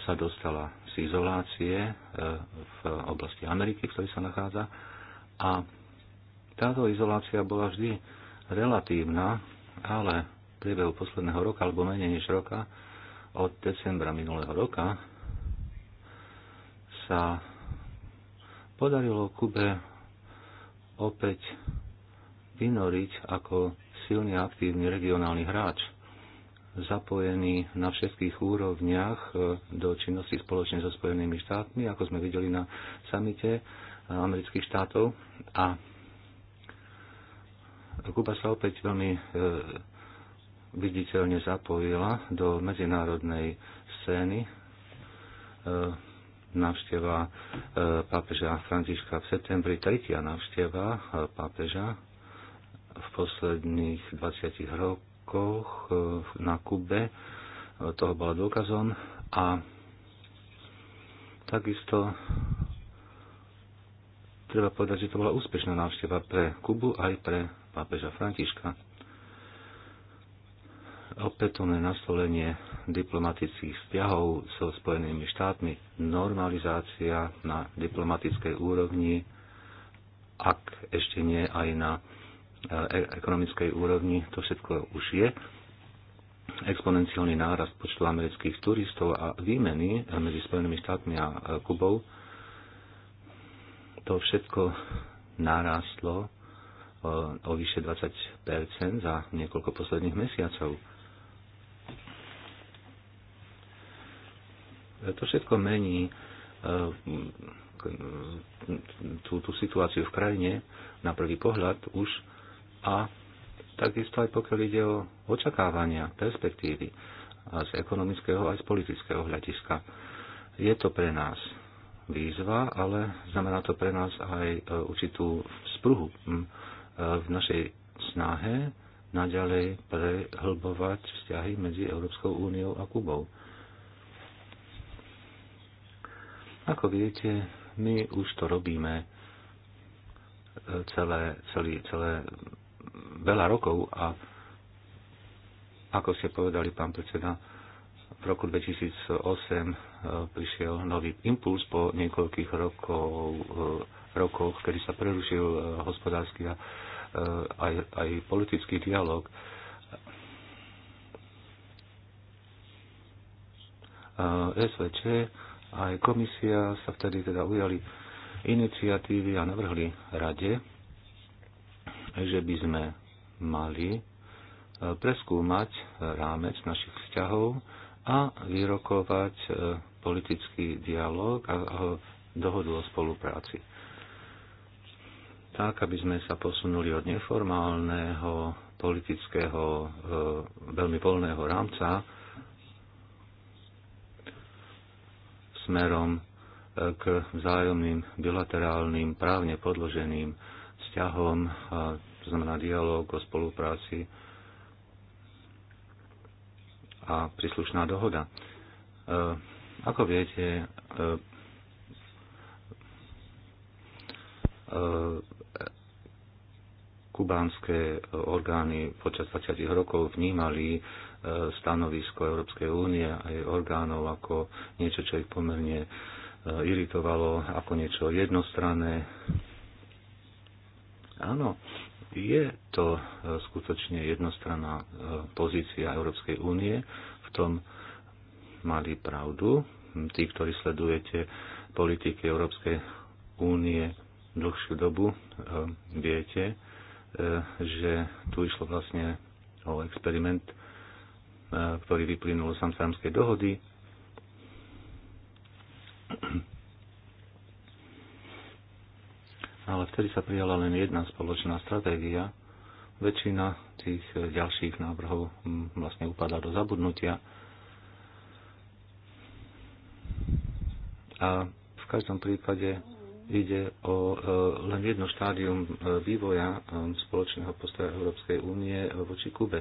sa dostala z izolácie v oblasti Ameriky, v ktorej sa nachádza, a táto izolácia bola vždy relatívna, ale v priebehu posledného roka alebo menej než roka, od decembra minulého roka, sa podarilo Kube opäť vynoriť ako silný a aktívny regionálny hráč, zapojený na všetkých úrovniach e, do činnosti spoločne so Spojenými štátmi, ako sme videli na samite e, amerických štátov a Kuba sa opäť veľmi e, viditeľne zapojila do medzinárodnej scény. E, návšteva e, pápeža Františka v septembri, tretia návšteva e, pápeža v posledných 20 rokoch e, na Kube. E, toho bola dôkazom a takisto treba povedať, že to bola úspešná návšteva pre Kubu aj pre pápeža Františka, opätovné nastolenie diplomatických vzťahov so Spojenými štátmi, normalizácia na diplomatickej úrovni, ak ešte nie aj na e, ekonomickej úrovni, to všetko už je. Exponenciálny nárast počtu amerických turistov a výmeny medzi Spojenými štátmi a e, Kubou, to všetko narastlo o vyše 20 za niekoľko posledných mesiacov. To všetko mení e, tú, tú situáciu v krajine na prvý pohľad už a takisto aj pokiaľ ide o očakávania, perspektívy z ekonomického aj z politického hľadiska. Je to pre nás výzva, ale znamená to pre nás aj e, určitú spruhu hm v našej snahe naďalej prehlbovať vzťahy medzi Európskou úniou a Kubou. Ako viete, my už to robíme e, celé, celé, celé veľa rokov a ako ste povedali, pán predseda, v roku 2008 e, prišiel nový impuls po niekoľkých rokov, e, rokoch, kedy sa prerušil hospodársky a Eh, aj, aj politický dialog. SVČ aj komisia sa vtedy teda ujali iniciatívy a navrhli rade, že by sme mali eh, preskúmať rámec našich vzťahov a vyrokovať eh, politický dialog a dohodu o spolupráci tak, aby sme sa posunuli od neformálneho politického, e, veľmi voľného rámca smerom e, k vzájomným bilaterálnym právne podloženým vzťahom, e, to znamená dialog o spolupráci a príslušná dohoda. Ako viete, kubánske e, orgány počas 20 rokov vnímali e, stanovisko Európskej únie a jej orgánov ako niečo, čo ich pomerne e, iritovalo, ako niečo jednostranné. Áno, je to skutočne jednostranná pozícia Európskej únie, v tom mali pravdu tí, ktorí sledujete politiky Európskej únie dlhšiu dobu, viete, E, že tu išlo vlastne o experiment, e, ktorý vyplynul z Amsterdamskej dohody. Ale vtedy sa prijala len jedna spoločná stratégia. Väčšina tých ďalších návrhov vlastne upadá do zabudnutia. A v každom prípade ide o e, len jedno štádium e, vývoja e, spoločného postoja Európskej únie voči Kube.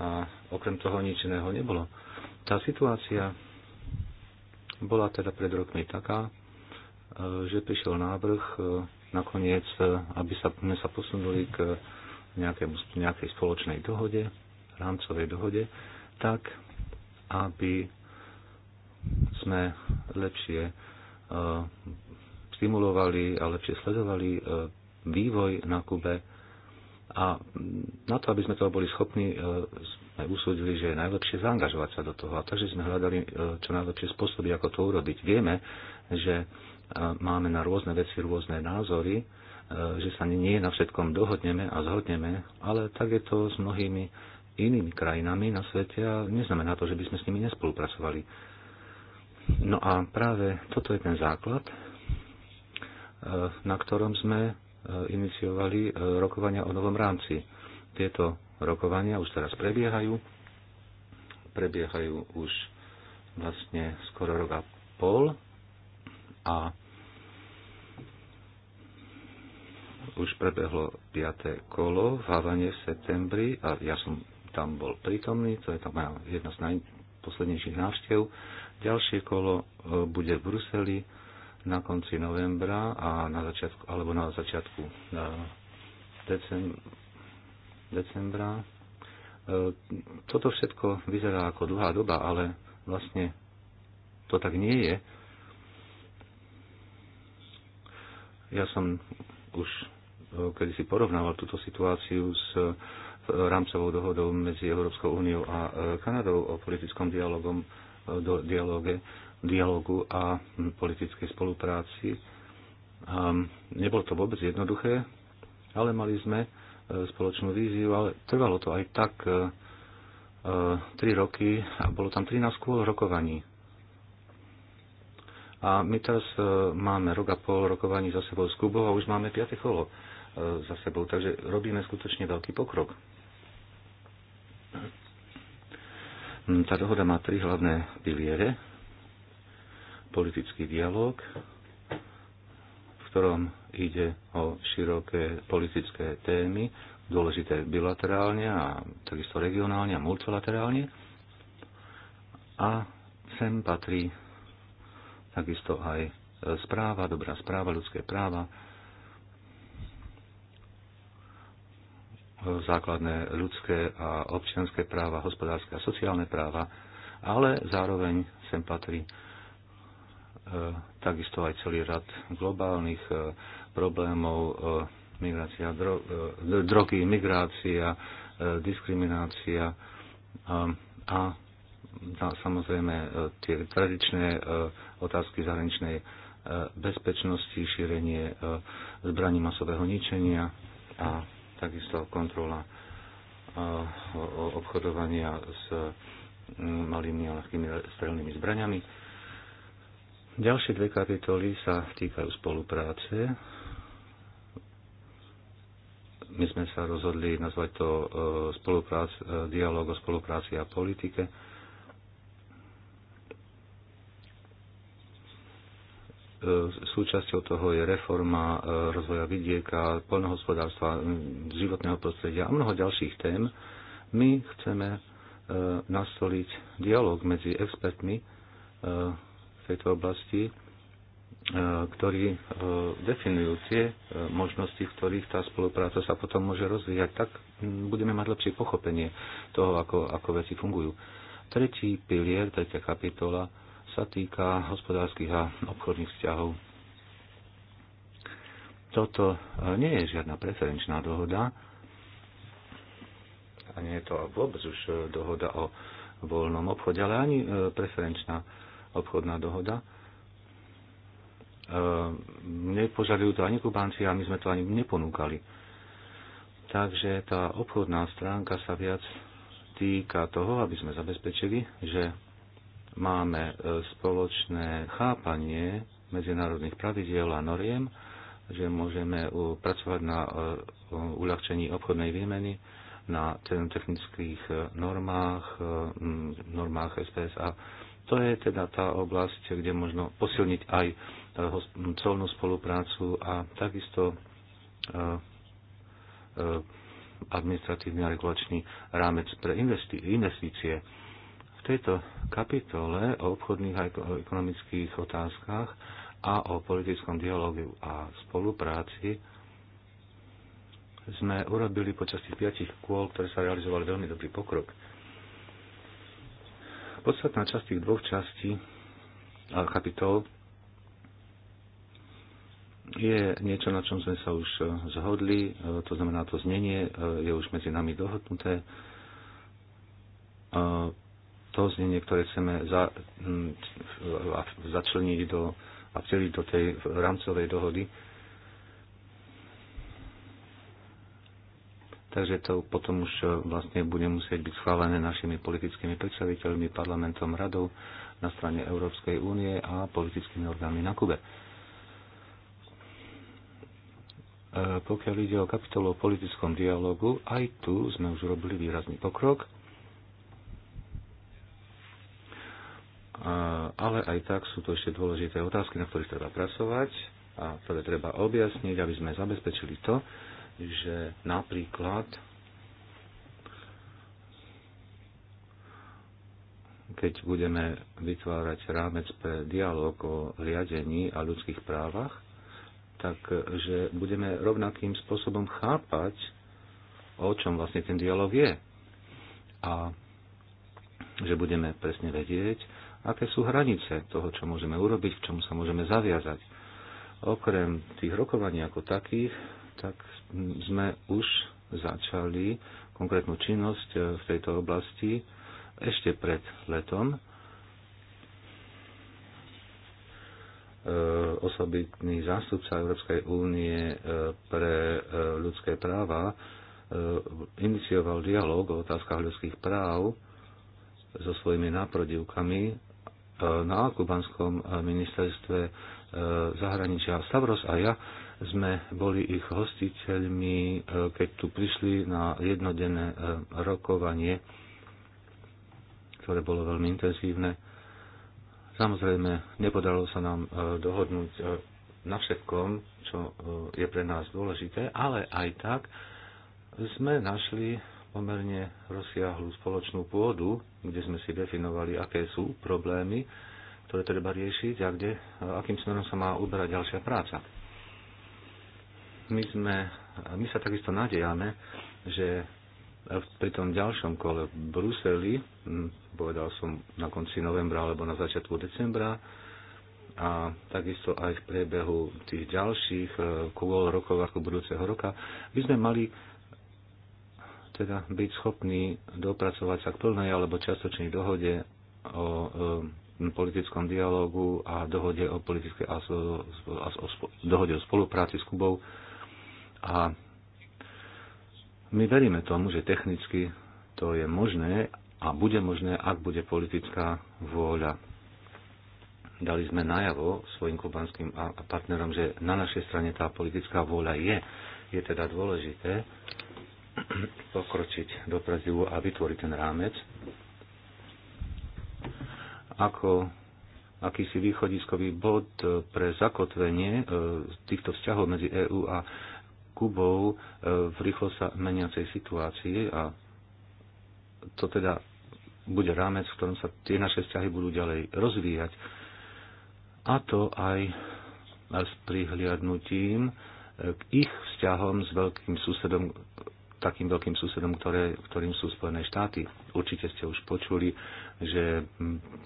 A okrem toho nič iného nebolo. Tá situácia bola teda pred rokmi taká, že prišiel návrh nakoniec, aby sa, sme sa posunuli k nejakému, nejakej spoločnej dohode, rámcovej dohode, tak, aby sme lepšie stimulovali a lepšie sledovali e, vývoj na Kube. A na to, aby sme toho boli schopní, e, sme usúdili, že je najlepšie zaangažovať sa do toho. A takže sme hľadali e, čo najlepšie spôsoby, ako to urobiť. Vieme, že máme na rôzne veci rôzne názory, že sa nie na všetkom dohodneme a zhodneme, ale tak je to s mnohými inými krajinami na svete a neznamená to, že by sme s nimi nespolupracovali. No a práve toto je ten základ, E, na ktorom sme e, iniciovali e, rokovania o novom rámci. Tieto rokovania už teraz prebiehajú. Prebiehajú už vlastne skoro rok a pol a už prebehlo 5. kolo v Havane v septembri a ja som tam bol prítomný, to je tam jedna z najposlednejších návštev. Ďalšie kolo bude v Bruseli na konci novembra a na začiatku, alebo na začiatku decem, decembra. E, toto všetko vyzerá ako dlhá doba, ale vlastne to tak nie je. Ja som už e, kedy si porovnával túto situáciu s e, rámcovou dohodou medzi Európskou úniou a Kanadou o politickom dialogom, do, dialóge, dialogu a politickej spolupráci. Nebolo to vôbec jednoduché, ale mali sme e, spoločnú víziu, ale trvalo to aj tak 3 e, e, roky a bolo tam 13 kôl rokovaní. A my teraz máme rok a pol rokovaní za sebou s Kubou a už máme 5. kolo za sebou, takže robíme skutočne veľký pokrok. Tá dohoda má tri hlavné piliere politický dialog, v ktorom ide o široké politické témy, dôležité bilaterálne a takisto regionálne a multilaterálne. A sem patrí takisto aj správa, dobrá správa, ľudské práva, základné ľudské a občianské práva, hospodárske a sociálne práva, ale zároveň sem patrí E, takisto aj celý rad globálnych e, problémov, e, migrácia, dro, drogy, migrácia, diskriminácia a, a samozrejme tie tradičné otázky zahraničnej bezpečnosti, šírenie zbraní masového ničenia a takisto kontrola obchodovania s malými a ľahkými strelnými zbraniami. Ďalšie dve kapitoly sa týkajú spolupráce. My sme sa rozhodli nazvať to e, spoluprác, e, dialog o spolupráci a politike. E, súčasťou toho je reforma rozvoja vidieka, poľnohospodárstva, životného prostredia a mnoho ďalších tém. My chceme nastoliť dialog medzi expertmi tejto oblasti, e, ktorí e, definujú tie e, možnosti, v ktorých tá spolupráca sa potom môže rozvíjať, tak budeme mať lepšie pochopenie toho, ako, ako veci fungujú. Tretí pilier, tretia kapitola sa týka hospodárskych a obchodných vzťahov. Toto nie je žiadna preferenčná dohoda a nie je to vôbec už dohoda o voľnom obchode, ale ani preferenčná obchodná dohoda. Ehm, nepožadujú to ani kubanci a my sme to ani neponúkali. Takže tá obchodná stránka sa viac týka toho, aby sme zabezpečili, že máme e, spoločné chápanie medzinárodných pravidiel a noriem, že môžeme pracovať na e, uľahčení obchodnej výmeny, na technických e, normách, normách SPS a to je teda tá oblasť, kde možno posilniť aj e, colnú spoluprácu a takisto e, e, administratívny a regulačný rámec pre investície. V tejto kapitole o obchodných a ekonomických otázkach a o politickom dialogu a spolupráci sme urobili počas tých piatich kôl, ktoré sa realizovali veľmi dobrý pokrok. Podstatná časť tých dvoch častí eh, kapitol je niečo, na čom sme sa už eh, zhodli, eh, to znamená, to znenie je už medzi nami dohodnuté. To znenie, ktoré chceme za, hm, začleniť do, a vteliť do tej rámcovej dohody, takže to potom už e, vlastne bude musieť byť schválené našimi politickými predstaviteľmi, parlamentom, radou na strane Európskej únie a politickými orgánmi na Kube. E, pokiaľ ide o kapitolu o politickom dialogu, aj tu sme už robili výrazný pokrok, ale aj tak sú to ešte dôležité otázky, na ktorých treba pracovať a ktoré treba objasniť, aby sme zabezpečili to, že napríklad keď budeme vytvárať rámec pre dialog o riadení a ľudských právach, tak že budeme rovnakým spôsobom chápať, o čom vlastne ten dialog je. A že budeme presne vedieť, aké sú hranice toho, čo môžeme urobiť, v čom sa môžeme zaviazať. Okrem tých rokovaní ako takých, tak sme už začali konkrétnu činnosť eh, v tejto oblasti ešte pred letom. Eh, osobitný zástupca Európskej únie eh, pre ľudské práva inicioval dialog o otázkach ľudských práv so svojimi náprodivkami na kubanskom ministerstve zahraničia Stavros a ja sme boli ich hostiteľmi, e, keď tu prišli na jednodenné e, rokovanie, ktoré bolo veľmi intenzívne. Samozrejme, nepodarilo sa nám e, dohodnúť na všetkom, čo je pre nás dôležité, ale aj tak sme našli pomerne rozsiahlu spoločnú pôdu, kde sme si definovali, aké sú problémy, ktoré treba riešiť a kde, akým smerom sa má uberať ďalšia práca my, sme, my sa takisto nadejame, že pri tom ďalšom kole v Bruseli, hm, povedal som na konci novembra alebo na začiatku decembra, a takisto aj v priebehu tých ďalších e, kôl rokov ako budúceho roka, by sme mali teda byť schopní dopracovať sa k plnej alebo častočnej dohode o e, politickom dialogu a dohode o, politickej, a, a, a, a, dohode o spolupráci s Kubou a my veríme tomu, že technicky to je možné a bude možné, ak bude politická vôľa. Dali sme najavo svojim kubanským partnerom, že na našej strane tá politická vôľa je. Je teda dôležité *clears throat* pokročiť do Brazilu a vytvoriť ten rámec ako akýsi východiskový bod pre zakotvenie e, týchto vzťahov medzi EÚ a Kubou e, v rýchlo sa meniacej situácii a to teda bude rámec, v ktorom sa tie naše vzťahy budú ďalej rozvíjať. A to aj s prihliadnutím e, k ich vzťahom s veľkým susedom, takým veľkým susedom, ktoré, ktorým sú Spojené štáty. Určite ste už počuli, že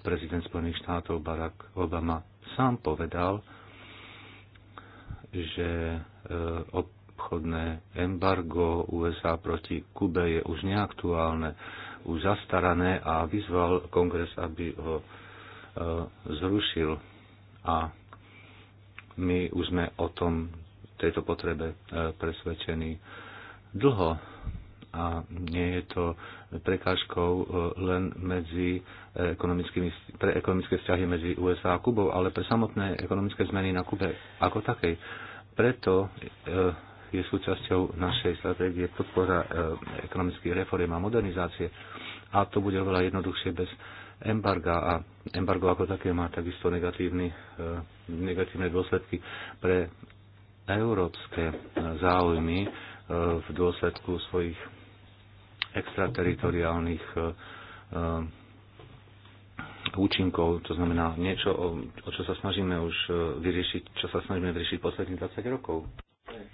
prezident Spojených štátov Barack Obama sám povedal, že e, obchodné embargo USA proti Kube je už neaktuálne, už zastarané a vyzval kongres, aby ho e, zrušil. A my už sme o tom tejto potrebe e, presvedčení dlho a nie je to prekážkou e, len medzi pre ekonomické vzťahy medzi USA a Kubou, ale pre samotné ekonomické zmeny na Kube ako takej. Preto je súčasťou našej stratégie podpora e, ekonomických reforiem a modernizácie. A to bude oveľa jednoduchšie bez embarga a embargo ako také má takisto negatívny, e, negatívne dôsledky pre európske e, záujmy v dôsledku svojich extrateritoriálnych účinkov, to znamená niečo, o, o čo sa snažíme už vyriešiť, čo sa snažíme vyriešiť posledných 20 rokov.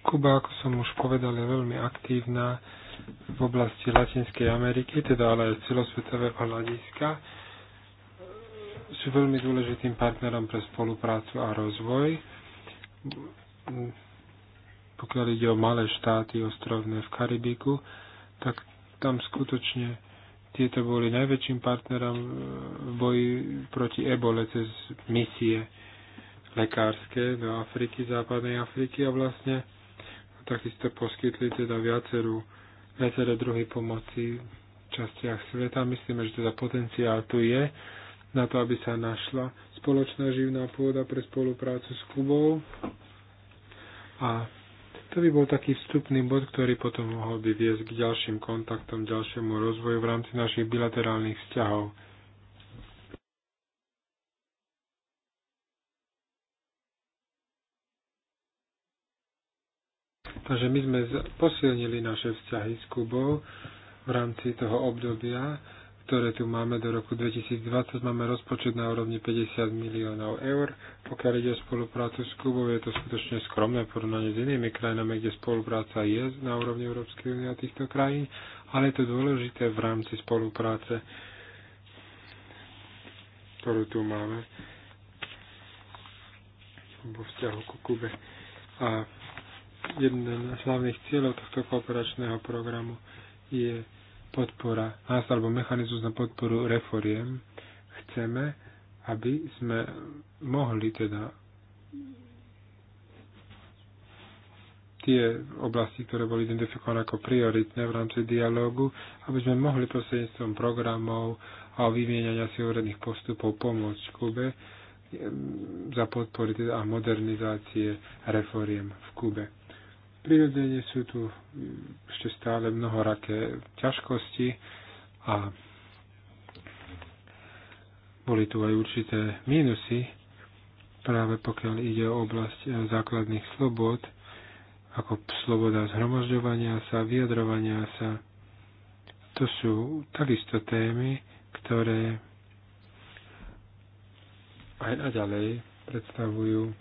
Kuba, ako som už povedal, je veľmi aktívna v oblasti Latinskej Ameriky, teda ale aj celosvetového hľadiska. Sú veľmi dôležitým partnerom pre spoluprácu a rozvoj. Pokiaľ ide o malé štáty ostrovné v Karibiku, tak tam skutočne tieto boli najväčším partnerom v boji proti ebole cez misie lekárske do Afriky, západnej Afriky a vlastne takisto poskytli teda viaceru, viaceré druhy pomoci v častiach sveta. Myslíme, že teda potenciál tu je na to, aby sa našla spoločná živná pôda pre spoluprácu s Kubou. A to by bol taký vstupný bod, ktorý potom mohol by viesť k ďalším kontaktom, ďalšiemu rozvoju v rámci našich bilaterálnych vzťahov. Takže my sme posilnili naše vzťahy s Kubou v rámci toho obdobia, ktoré tu máme do roku 2020. Máme rozpočet na úrovni 50 miliónov eur. Pokiaľ ide o spoluprácu s Kubou, je to skutočne skromné porovnanie s inými krajinami, kde spolupráca je na úrovni Európskej únie a týchto krajín, ale je to dôležité v rámci spolupráce, ktorú tu máme vo vzťahu ku Kube. A jeden z hlavných cieľov tohto kooperačného programu je podpora nás alebo mechanizmus na podporu reforiem. Chceme, aby sme mohli teda tie oblasti, ktoré boli identifikované ako prioritné v rámci dialógu, aby sme mohli prostredníctvom programov a vymieňania si úredných postupov pomôcť Kube za podpory teda a modernizácie reforiem v Kube. Prirodzene sú tu mm, ešte stále mnohoraké ťažkosti a boli tu aj určité mínusy, práve pokiaľ ide o oblasť eh, základných slobod, ako sloboda zhromažďovania sa, vyjadrovania sa. To sú takisto témy, ktoré aj naďalej predstavujú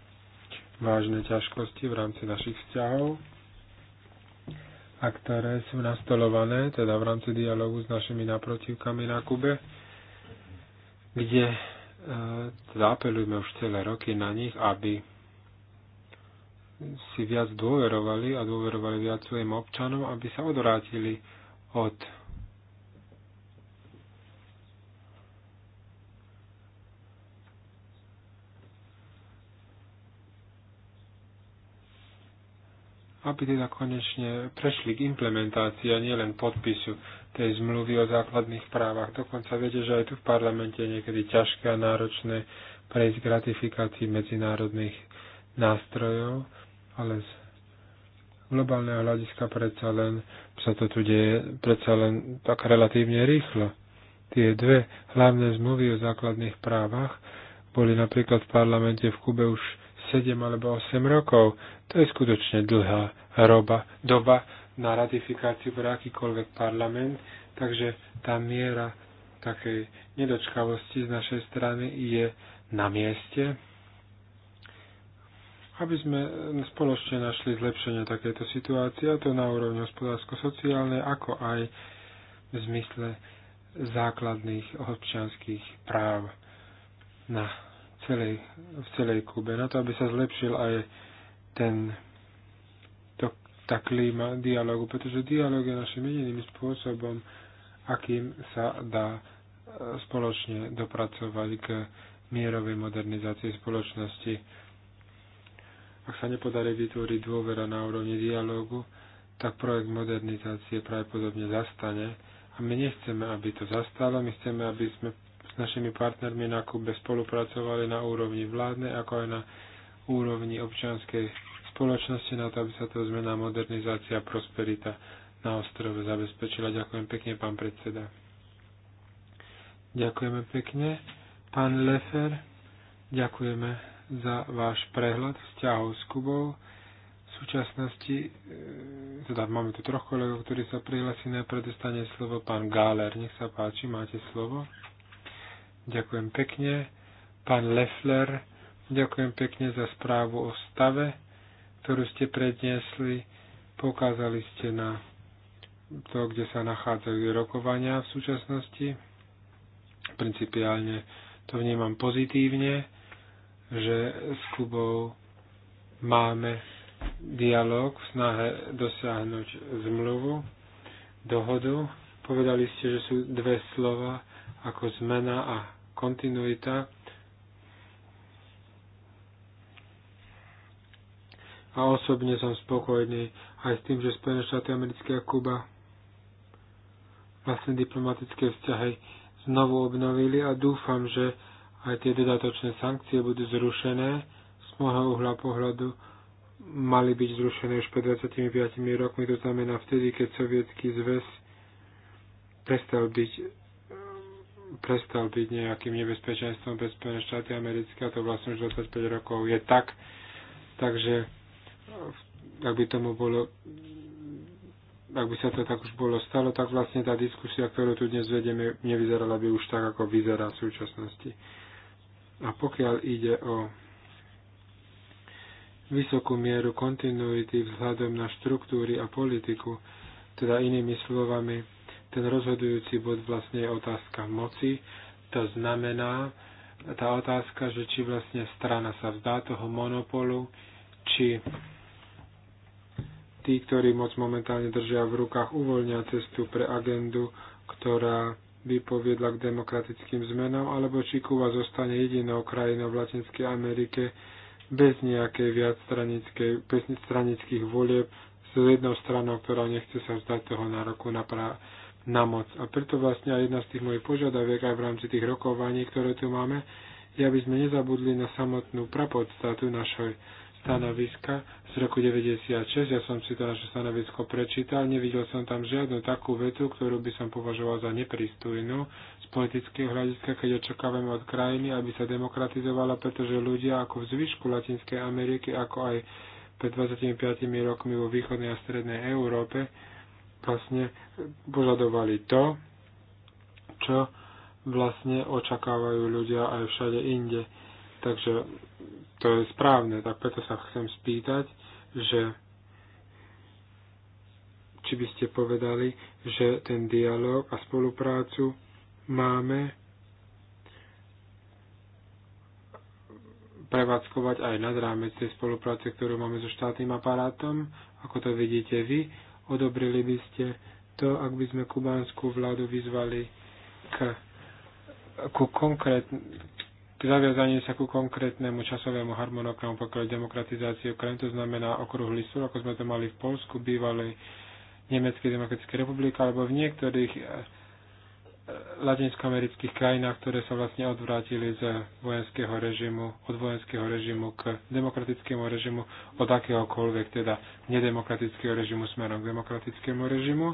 vážne ťažkosti v rámci našich vzťahov a ktoré sú nastolované, teda v rámci dialogu s našimi naprotivkami na Kube, kde e, teda apelujeme už celé roky na nich, aby si viac dôverovali a dôverovali viac svojim občanom, aby sa odvrátili od aby teda konečne prešli k implementácii a nielen podpisu tej zmluvy o základných právach. Dokonca viete, že aj tu v parlamente je niekedy ťažké a náročné prejsť k ratifikácii medzinárodných nástrojov, ale z globálneho hľadiska predsa len sa to tu deje predsa len tak relatívne rýchlo. Tie dve hlavné zmluvy o základných právach boli napríklad v parlamente v Kube už 7 alebo 8 rokov. To je skutočne dlhá roba, doba na ratifikáciu pre akýkoľvek parlament, takže tá miera takej nedočkavosti z našej strany je na mieste, aby sme spoločne našli zlepšenie takéto situácie, a to na úrovni hospodársko-sociálnej, ako aj v zmysle základných občianských práv na celej, v celej Kube, na to, aby sa zlepšil aj ten, to, tá klíma dialogu, pretože dialog je našim jediným spôsobom, akým sa dá e, spoločne dopracovať k mierovej modernizácii spoločnosti. Ak sa nepodarí vytvoriť dôvera na úrovni dialogu, tak projekt modernizácie pravdepodobne zastane a my nechceme, aby to zastalo, my chceme, aby sme našimi partnermi na Kube spolupracovali na úrovni vládnej, ako aj na úrovni občianskej spoločnosti na to, aby sa to zmena modernizácia a prosperita na ostrove zabezpečila. Ďakujem pekne, pán predseda. Ďakujeme pekne. Pán Lefer, ďakujeme za váš prehľad vzťahov s Kubou. V súčasnosti, e, teda máme tu troch kolegov, ktorí sa prihlasí, najprv dostane slovo pán Gáler. Nech sa páči, máte slovo. Ďakujem pekne. Pán Leffler, ďakujem pekne za správu o stave, ktorú ste predniesli. Pokázali ste na to, kde sa nachádzajú rokovania v súčasnosti. Principiálne to vnímam pozitívne, že s Kubou máme dialog v snahe dosiahnuť zmluvu, dohodu. Povedali ste, že sú dve slova ako zmena a kontinuita a osobne som spokojný aj s tým, že Spojené štáty americké a Kuba vlastne diplomatické vzťahy znovu obnovili a dúfam, že aj tie dodatočné sankcie budú zrušené. Z môjho uhla pohľadu mali byť zrušené už pred 25 rokmi, to znamená vtedy, keď sovietský zväz prestal byť prestal byť nejakým nebezpečenstvom pre Spojené štáty americké, a to vlastne už 25 rokov je tak. Takže eh, ak by tomu bolo ak by sa to tak už bolo stalo, tak vlastne tá diskusia, ktorú tu dnes vedieme, nevyzerala by už tak, ako vyzerá v súčasnosti. A pokiaľ ide o vysokú mieru kontinuity vzhľadom na štruktúry a politiku, teda inými slovami, ten rozhodujúci bod vlastne je otázka moci. To znamená, tá otázka, že či vlastne strana sa vzdá toho monopolu, či tí, ktorí moc momentálne držia v rukách, uvoľnia cestu pre agendu, ktorá by poviedla k demokratickým zmenám, alebo či Kuba zostane jedinou krajinou v Latinskej Amerike bez nejakej viac stranickej, bez stranických volieb s jednou stranou, ktorá nechce sa vzdať toho nároku na, pra, na moc. A preto vlastne aj jedna z tých mojich požiadaviek aj v rámci tých rokovaní, ktoré tu máme, je, aby sme nezabudli na samotnú prapodstatu našej stanoviska z roku 96. Ja som si to naše stanovisko prečítal, nevidel som tam žiadnu takú vetu, ktorú by som považoval za nepristojnú z politického hľadiska, keď očakávame od krajiny, aby sa demokratizovala, pretože ľudia ako v zvyšku Latinskej Ameriky, ako aj pred 25 rokmi vo východnej a strednej Európe, vlastne požadovali to, čo vlastne očakávajú ľudia aj všade inde. Takže to je správne, tak preto sa chcem spýtať, že či by ste povedali, že ten dialog a spoluprácu máme prevádzkovať aj nad rámec tej spolupráce, ktorú máme so štátnym aparátom, ako to vidíte vy, odobrili by ste to, ak by sme kubánsku vládu vyzvali k, ku konkrétne, k zaviazaniu sa ku konkrétnemu časovému harmonogramu pokiaľ demokratizácie Ukrajiny, to znamená okrúhly stôl, ako sme to mali v Polsku, bývalej Nemeckej demokratickej republiky, alebo v niektorých latinskoamerických krajinách, ktoré sa vlastne odvrátili z vojenského režimu, od vojenského režimu k demokratickému režimu, od akéhokoľvek teda nedemokratického režimu smerom k demokratickému režimu.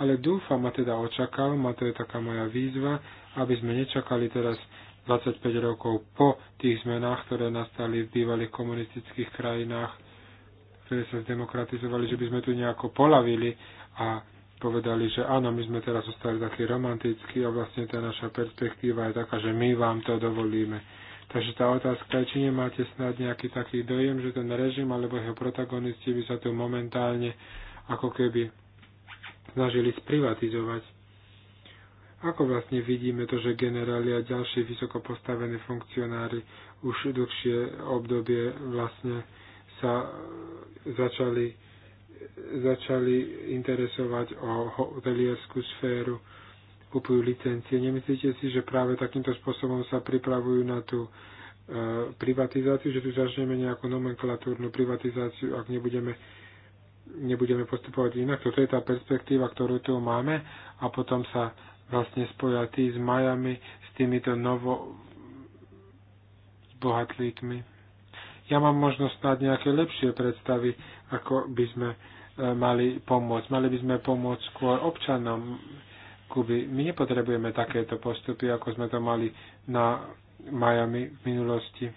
Ale dúfam a teda očakávam, a to je taká moja výzva, aby sme nečakali teraz 25 rokov po tých zmenách, ktoré nastali v bývalých komunistických krajinách, ktoré sa zdemokratizovali, že by sme tu nejako polavili a povedali, že áno, my sme teraz zostali takí romantickí a vlastne tá naša perspektíva je taká, že my vám to dovolíme. Takže tá otázka je, či nemáte snad nejaký taký dojem, že ten režim alebo jeho protagonisti by sa tu momentálne ako keby snažili sprivatizovať. Ako vlastne vidíme to, že generáli a ďalší vysoko postavení funkcionári už dlhšie obdobie vlastne sa začali začali interesovať o hotelierskú sféru, kupujú licencie. Nemyslíte si, že práve takýmto spôsobom sa pripravujú na tú e, privatizáciu, že tu začneme nejakú nomenklatúrnu privatizáciu, ak nebudeme, nebudeme postupovať inak. Toto je tá perspektíva, ktorú tu máme a potom sa vlastne spoja tí s Majami, s týmito novo bohatlíkmi. Ja mám možnosť snáď nejaké lepšie predstavy, ako by sme E, mali pomôcť. Mali by sme pomôcť skôr občanom Kuby. My nepotrebujeme takéto postupy, ako sme to mali na Miami v minulosti.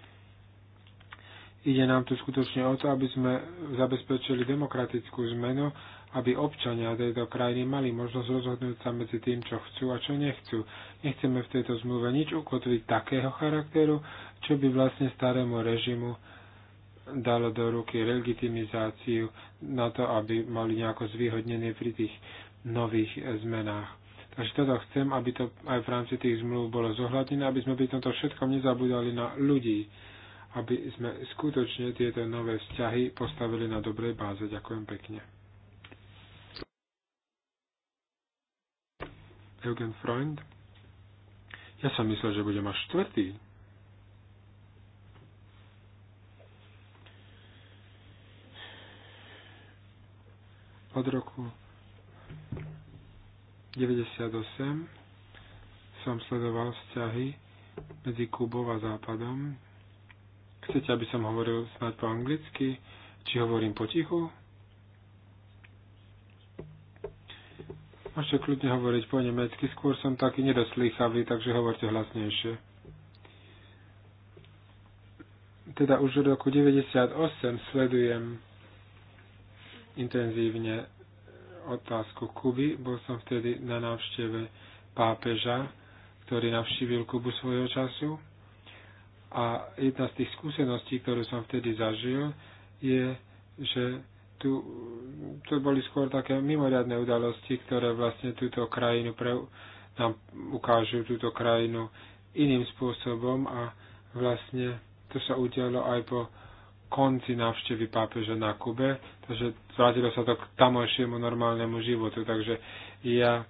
Ide nám tu skutočne o to, aby sme zabezpečili demokratickú zmenu, aby občania tejto krajiny mali možnosť rozhodnúť sa medzi tým, čo chcú a čo nechcú. Nechceme v tejto zmluve nič ukotviť takého charakteru, čo by vlastne starému režimu dalo do ruky legitimizáciu na to, aby mali nejako zvýhodnené pri tých nových zmenách. Takže toto chcem, aby to aj v rámci tých zmluv bolo zohľadnené, aby sme pri tomto všetkom nezabudali na ľudí, aby sme skutočne tieto nové vzťahy postavili na dobrej báze. Ďakujem pekne. Eugen Freund. Ja som myslel, že budem až štvrtý. Od roku 98 som sledoval vzťahy medzi Kubou a Západom. Chcete, aby som hovoril snáď po anglicky? Či hovorím potichu? Môžete kľudne hovoriť po nemecky, skôr som taký nedoslýchavý, takže hovorte hlasnejšie. Teda už od roku 98 sledujem intenzívne otázku Kuby. Bol som vtedy na návšteve pápeža, ktorý navštívil Kubu svojho času. A jedna z tých skúseností, ktorú som vtedy zažil, je, že tu, tu boli skôr také mimoriadne udalosti, ktoré vlastne túto krajinu pre, nám ukážu túto krajinu iným spôsobom a vlastne to sa udialo aj po konci návštevy pápeža na Kube, takže vrátilo sa to k tamojšiemu normálnemu životu. Takže ja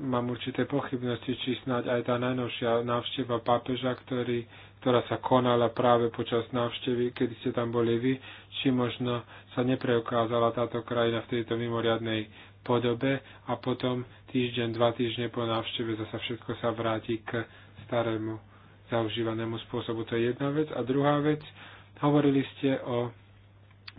mám určité pochybnosti, či snáď aj tá najnovšia návšteva pápeža, ktorý, ktorá sa konala práve počas návštevy, kedy ste tam boli vy, či možno sa nepreukázala táto krajina v tejto mimoriadnej podobe a potom týždeň, dva týždne po návšteve zase všetko sa vráti k starému zaužívanému spôsobu. To je jedna vec. A druhá vec, Hovorili ste o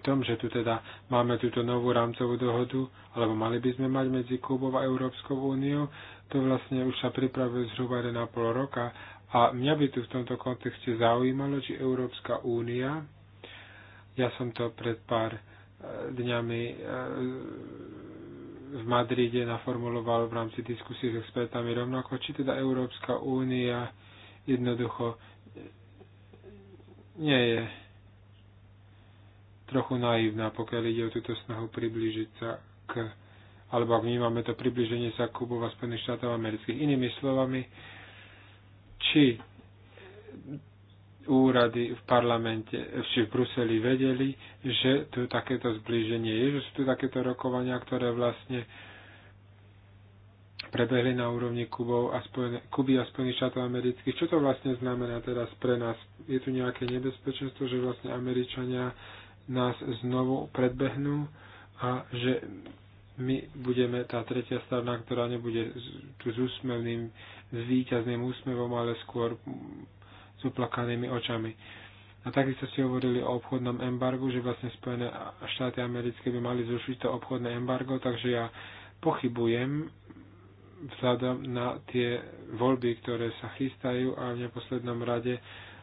tom, že tu teda máme túto novú rámcovú dohodu, alebo mali by sme mať medzi Kubou a Európskou úniou, to vlastne už sa pripravuje zhruba 1,5 roka a mňa by tu v tomto kontexte zaujímalo, či Európska únia, ja som to pred pár eh, dňami eh, v Madride naformuloval v rámci diskusie s expertami rovnako, či teda Európska únia jednoducho eh, nie je trochu naivná, pokiaľ ide o túto snahu priblížiť sa k, alebo ak vnímame to približenie sa k Kubov a Spojených štátov amerických. Inými slovami, či úrady v parlamente, či v Bruseli vedeli, že tu takéto zblíženie je, že sú tu takéto rokovania, ktoré vlastne prebehli na úrovni Kubov a Spojené, Kuby a Spojených štátov amerických. Čo to vlastne znamená teraz pre nás? Je tu nejaké nebezpečenstvo, že vlastne Američania nás znovu predbehnú a že my budeme tá tretia strana, ktorá nebude tu s úsmevným, s výťazným úsmevom, ale skôr s uplakanými očami. A takisto ste hovorili o obchodnom embargu, že vlastne Spojené štáty americké by mali zrušiť to obchodné embargo, takže ja pochybujem vzhľadom na tie voľby, ktoré sa chystajú a v neposlednom rade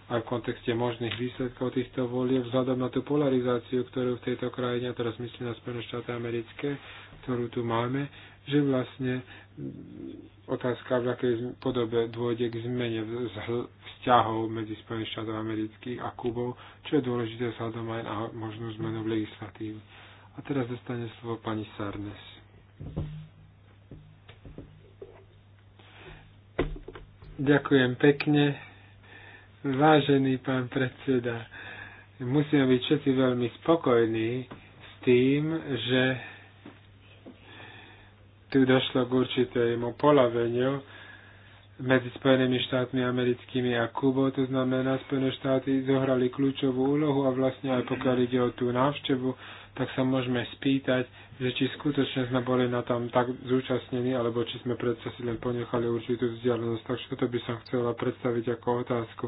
a v kontexte možných výsledkov týchto volieb, vzhľadom na tú polarizáciu, ktorú v tejto krajine, a teraz myslím na Spojené štáty americké, ktorú tu máme, že vlastne mm, otázka, v akej podobe dôjde k zmene vzťahov medzi Spojených štátov amerických a Kubou, čo je dôležité vzhľadom aj na možnú zmenu v legislatívy. A teraz dostane slovo pani Sarnes. Ďakujem pekne Vážený pán predseda, musíme byť všetci veľmi spokojní s tým, že tu došlo k určitému polaveniu medzi Spojenými štátmi americkými a Kubou. To znamená, Spojené štáty zohrali kľúčovú úlohu a vlastne aj pokiaľ ide o tú návštevu, tak sa môžeme spýtať, že či skutočne sme boli na tom tak zúčastnení, alebo či sme predsa si len ponechali určitú vzdialenosť. Takže toto by som chcela predstaviť ako otázku.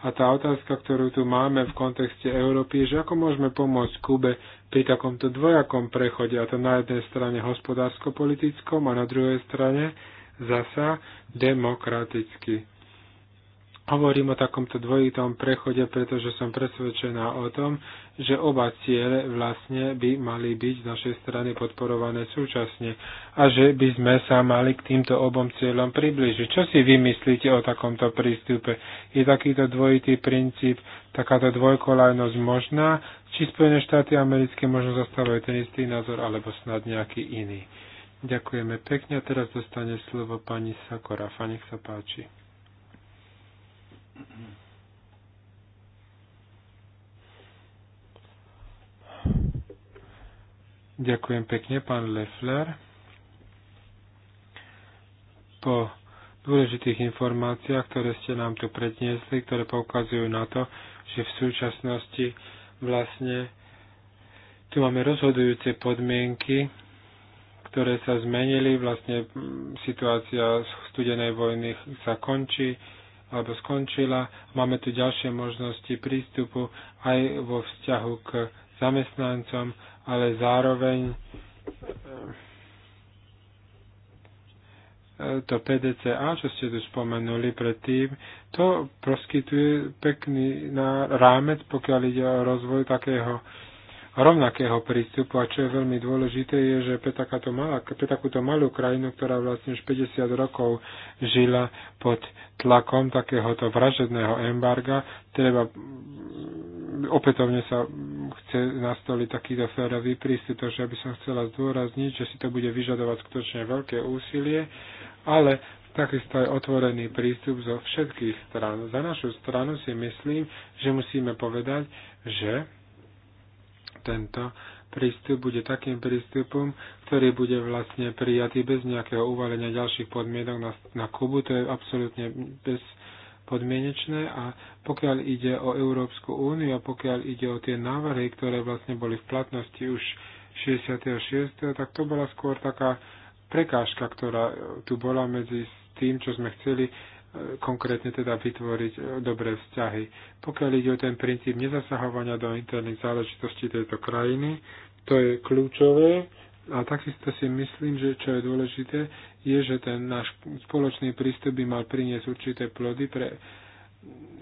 A tá otázka, ktorú tu máme v kontexte Európy, je, že ako môžeme pomôcť Kube pri takomto dvojakom prechode, a to na jednej strane hospodársko-politickom a na druhej strane zasa demokraticky. Hovorím o takomto dvojitom prechode, pretože som presvedčená o tom, že oba ciele vlastne by mali byť z našej strany podporované súčasne a že by sme sa mali k týmto obom cieľom približiť. Čo si vymyslíte o takomto prístupe? Je takýto dvojitý princíp, takáto dvojkolajnosť možná? Či Spojené štáty americké možno zastávajú ten istý názor alebo snad nejaký iný? Ďakujeme pekne a teraz dostane slovo pani Sakorafa. Nech sa páči. Ďakujem pekne, pán Leffler. Po dôležitých informáciách, ktoré ste nám tu predniesli, ktoré poukazujú na to, že v súčasnosti vlastne tu máme rozhodujúce podmienky, ktoré sa zmenili, vlastne mm, situácia studenej vojny sa končí, alebo skončila. Máme tu ďalšie možnosti prístupu aj vo vzťahu k zamestnancom, ale zároveň e, e, to PDCA, čo ste tu spomenuli predtým, to poskytuje pekný rámec, pokiaľ ide o rozvoj takého rovnakého prístupu. A čo je veľmi dôležité, je, že pre, takáto malá, pre takúto malú krajinu, ktorá vlastne už 50 rokov žila pod tlakom takéhoto vražedného embarga, treba opätovne sa chce nastoliť takýto férový prístup, takže by som chcela zdôrazniť, že si to bude vyžadovať skutočne veľké úsilie, ale takisto aj otvorený prístup zo všetkých stran. Za našu stranu si myslím, že musíme povedať, že tento prístup bude takým prístupom, ktorý bude vlastne prijatý bez nejakého uvalenia ďalších podmienok na, na Kubu. To je absolútne bez podmienečné a pokiaľ ide o Európsku úniu a pokiaľ ide o tie návrhy, ktoré vlastne boli v platnosti už 66., tak to bola skôr taká prekážka, ktorá tu bola medzi tým, čo sme chceli konkrétne teda vytvoriť e, dobré vzťahy. Pokiaľ ide o ten princíp nezasahovania do interných záležitostí tejto krajiny, to je kľúčové a takisto si myslím, že čo je dôležité, je, že ten náš spoločný prístup by mal priniesť určité plody pre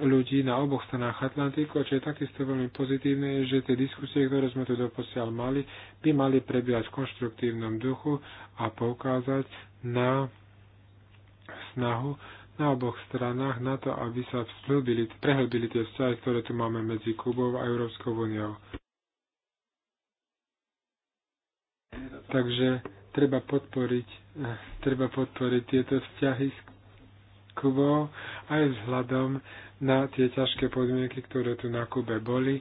ľudí na oboch stranách Atlantiku a čo je takisto veľmi pozitívne, je, že tie diskusie, ktoré sme tu doposiaľ mali, by mali prebiehať v konštruktívnom duchu a poukázať na snahu na oboch stranách na to, aby sa prehlbili tie vzťahy, ktoré tu máme medzi Kubou a Európskou úniou. Takže treba podporiť, treba podporiť tieto vzťahy s Kubou aj vzhľadom na tie ťažké podmienky, ktoré tu na Kube boli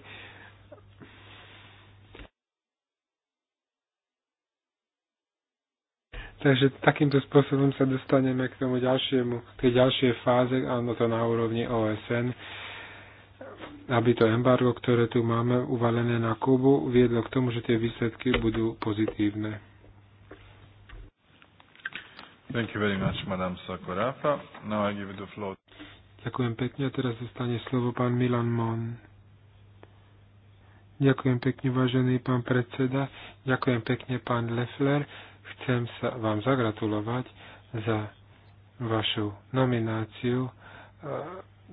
Takže takýmto spôsobom sa dostaneme k tomu ďalšiemu, k tej ďalšej fáze, áno to na úrovni OSN, aby to embargo, ktoré tu máme uvalené na Kubu, viedlo k tomu, že tie výsledky budú pozitívne. Thank you very much, Madam Sakurafa. Now I give the floor. Ďakujem pekne a teraz zostane slovo pán Milan Mon. Ďakujem pekne, vážený pán predseda. Ďakujem pekne, pán Leffler Chcem sa vám zagratulovať za vašu nomináciu. E,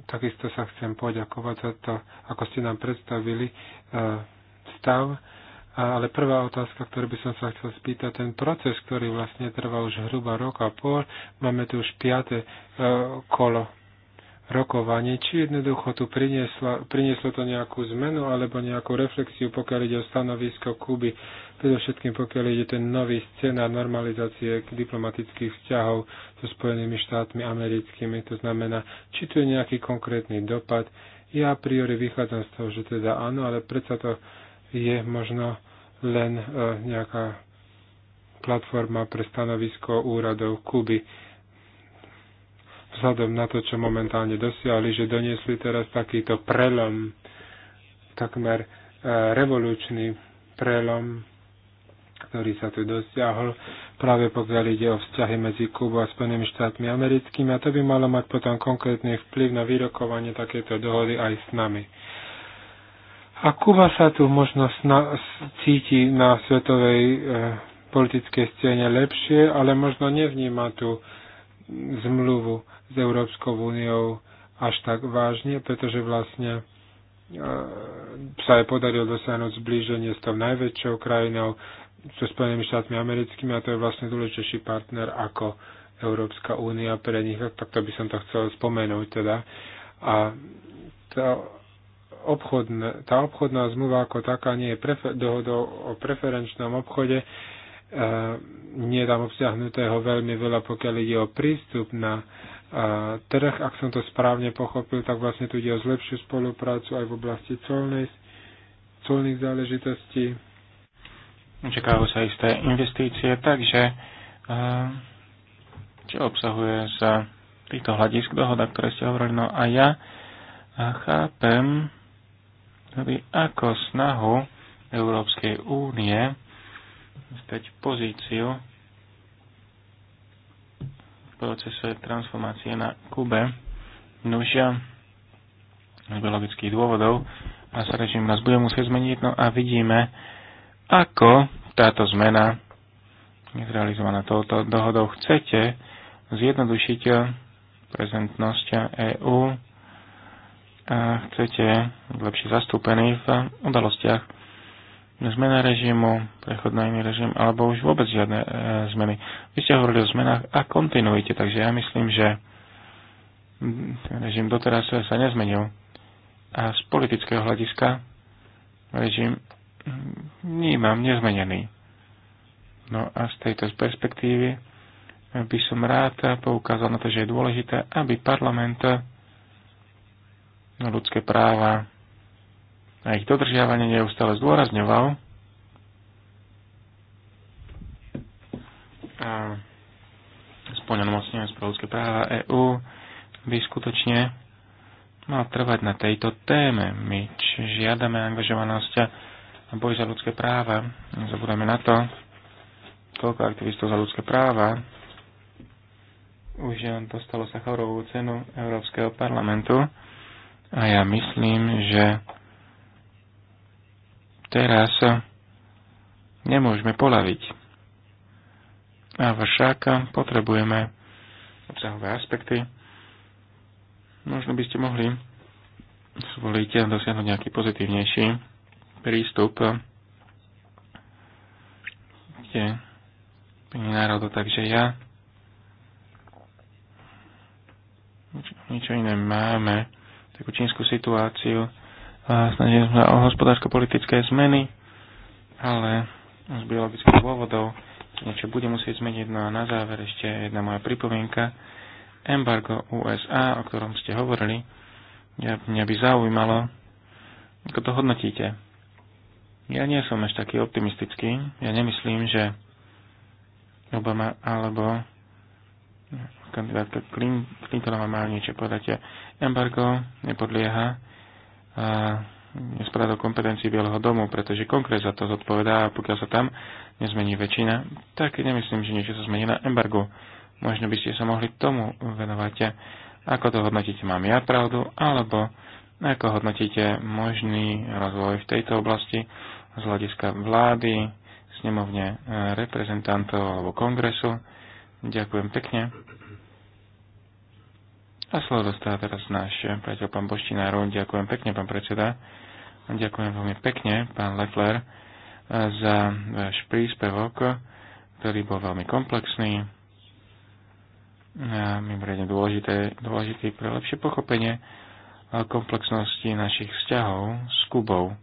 takisto sa chcem poďakovať za to, ako ste nám predstavili e, stav. Ale prvá otázka, ktorú by som sa chcel spýtať, ten proces, ktorý vlastne trval už hruba rok a pol, máme tu už piate e, kolo rokovanie, či jednoducho tu prinieslo, prinieslo to nejakú zmenu alebo nejakú reflexiu, pokiaľ ide o stanovisko Kuby, predovšetkým pokiaľ ide ten nový scénar normalizácie diplomatických vzťahov so Spojenými štátmi americkými, to znamená, či tu je nejaký konkrétny dopad. Ja a priori vychádzam z toho, že teda áno, ale predsa to je možno len e, nejaká platforma pre stanovisko úradov Kuby vzhľadom na to, čo momentálne dosiahli, že doniesli teraz takýto prelom, takmer e, revolučný prelom, ktorý sa tu dosiahol, práve pokiaľ ide o vzťahy medzi Kubou a Spojenými štátmi americkými a to by malo mať potom konkrétny vplyv na vyrokovanie takéto dohody aj s nami. A Kuba sa tu možno sna- cíti na svetovej e, politickej scéne lepšie, ale možno nevníma tu zmluvu s Európskou úniou až tak vážne, pretože vlastne e, sa je podarilo dosiahnuť zblíženie s tou najväčšou krajinou, so Spojenými štátmi americkými a to je vlastne dôležitejší partner ako Európska únia pre nich, tak to by som to chcel spomenúť teda. A to obchodná, tá obchodná zmluva ako taká nie je prefer- dohodou o preferenčnom obchode, nie je tam obsiahnutého veľmi veľa, pokiaľ ide o prístup na e, trh. Ak som to správne pochopil, tak vlastne tu ide o zlepšiu spoluprácu aj v oblasti colnej, colných záležitostí. Čakajú sa isté investície, takže e, čo obsahuje z týchto hľadisk dohoda, ktoré ste hovorili, no a ja e, chápem, aby ako snahu Európskej únie späť pozíciu v procese transformácie na Kube. Nužia z biologických dôvodov a sa režim nás bude musieť zmeniť. No a vidíme, ako táto zmena je zrealizovaná touto dohodou. Chcete zjednodušiť prezentnosť EÚ a chcete lepšie zastúpení v udalostiach zmena režimu, prechod na iný režim, alebo už vôbec žiadne e, zmeny. Vy ste hovorili o zmenách a kontinuite, takže ja myslím, že ten režim doteraz sa nezmenil. A z politického hľadiska režim vnímam nezmenený. No a z tejto perspektívy by som rád poukázal na to, že je dôležité, aby parlament no, ľudské práva a ich dodržiavanie neustále zdôrazňoval. A spomenomocnenie pre ľudské práva EÚ by skutočne mal trvať na tejto téme. My žiadame angažovanosť a boj za ľudské práva. Zabudeme na to, koľko aktivistov za ľudské práva už dostalo chorovú cenu Európskeho parlamentu. A ja myslím, že teraz nemôžeme polaviť. Avšak potrebujeme obsahové aspekty. Možno by ste mohli zvoliť a dosiahnuť nejaký pozitívnejší prístup Kde pani národu, takže ja niečo iné máme, takú čínsku situáciu, snažili sme o hospodársko-politické zmeny, ale z biologických dôvodov niečo bude musieť zmeniť. No a na záver ešte jedna moja pripomienka. Embargo USA, o ktorom ste hovorili, ja, mňa by zaujímalo, ako to hodnotíte. Ja nie som až taký optimistický. Ja nemyslím, že Obama alebo kandidátka Clintonová má niečo povedať. Embargo nepodlieha nespadá do kompetencií Bieleho domu, pretože konkrét za to zodpovedá a pokiaľ sa tam nezmení väčšina, tak nemyslím, že niečo sa zmení na embargo. Možno by ste sa mohli tomu venovať. Ako to hodnotíte, mám ja pravdu, alebo ako hodnotíte možný rozvoj v tejto oblasti z hľadiska vlády, snemovne eh, reprezentantov alebo kongresu. Ďakujem pekne. A slovo dostáva teraz náš priateľ pán Boštinárov. Ďakujem pekne, pán predseda. Ďakujem veľmi pekne, pán Leffler, za váš príspevok, ktorý bol veľmi komplexný a mimoriadne dôležité, dôležitý pre lepšie pochopenie komplexnosti našich vzťahov s Kubou.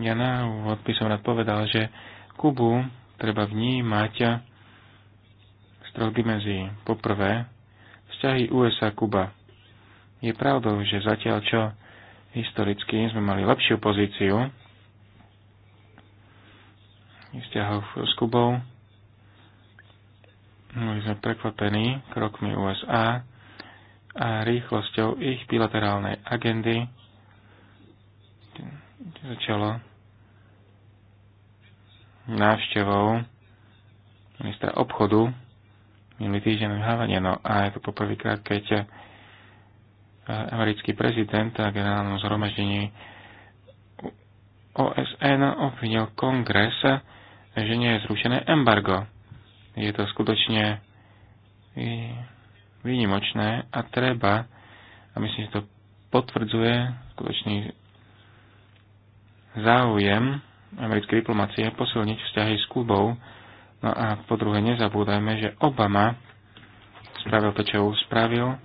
Ja na úvod by som rád povedal, že Kubu treba vnímať z troch dimenzií. Poprvé, Vzťahy USA-Kuba. Je pravdou, že zatiaľ čo historicky sme mali lepšiu pozíciu vzťahov s Kubou, boli sme prekvapení krokmi USA a rýchlosťou ich bilaterálnej agendy začalo návštevou ministra obchodu minulý týždeň v Havane. No a je to poprvýkrát, keď eh, americký prezident a generálnom zhromaždení OSN obvinil kongres, že nie je zrušené embargo. Je to skutočne eh, výnimočné a treba, a myslím, že to potvrdzuje skutočný záujem americkej diplomácie posilniť vzťahy s Kubou, No a po druhé, nezabúdajme, že Obama spravil to, čo spravil,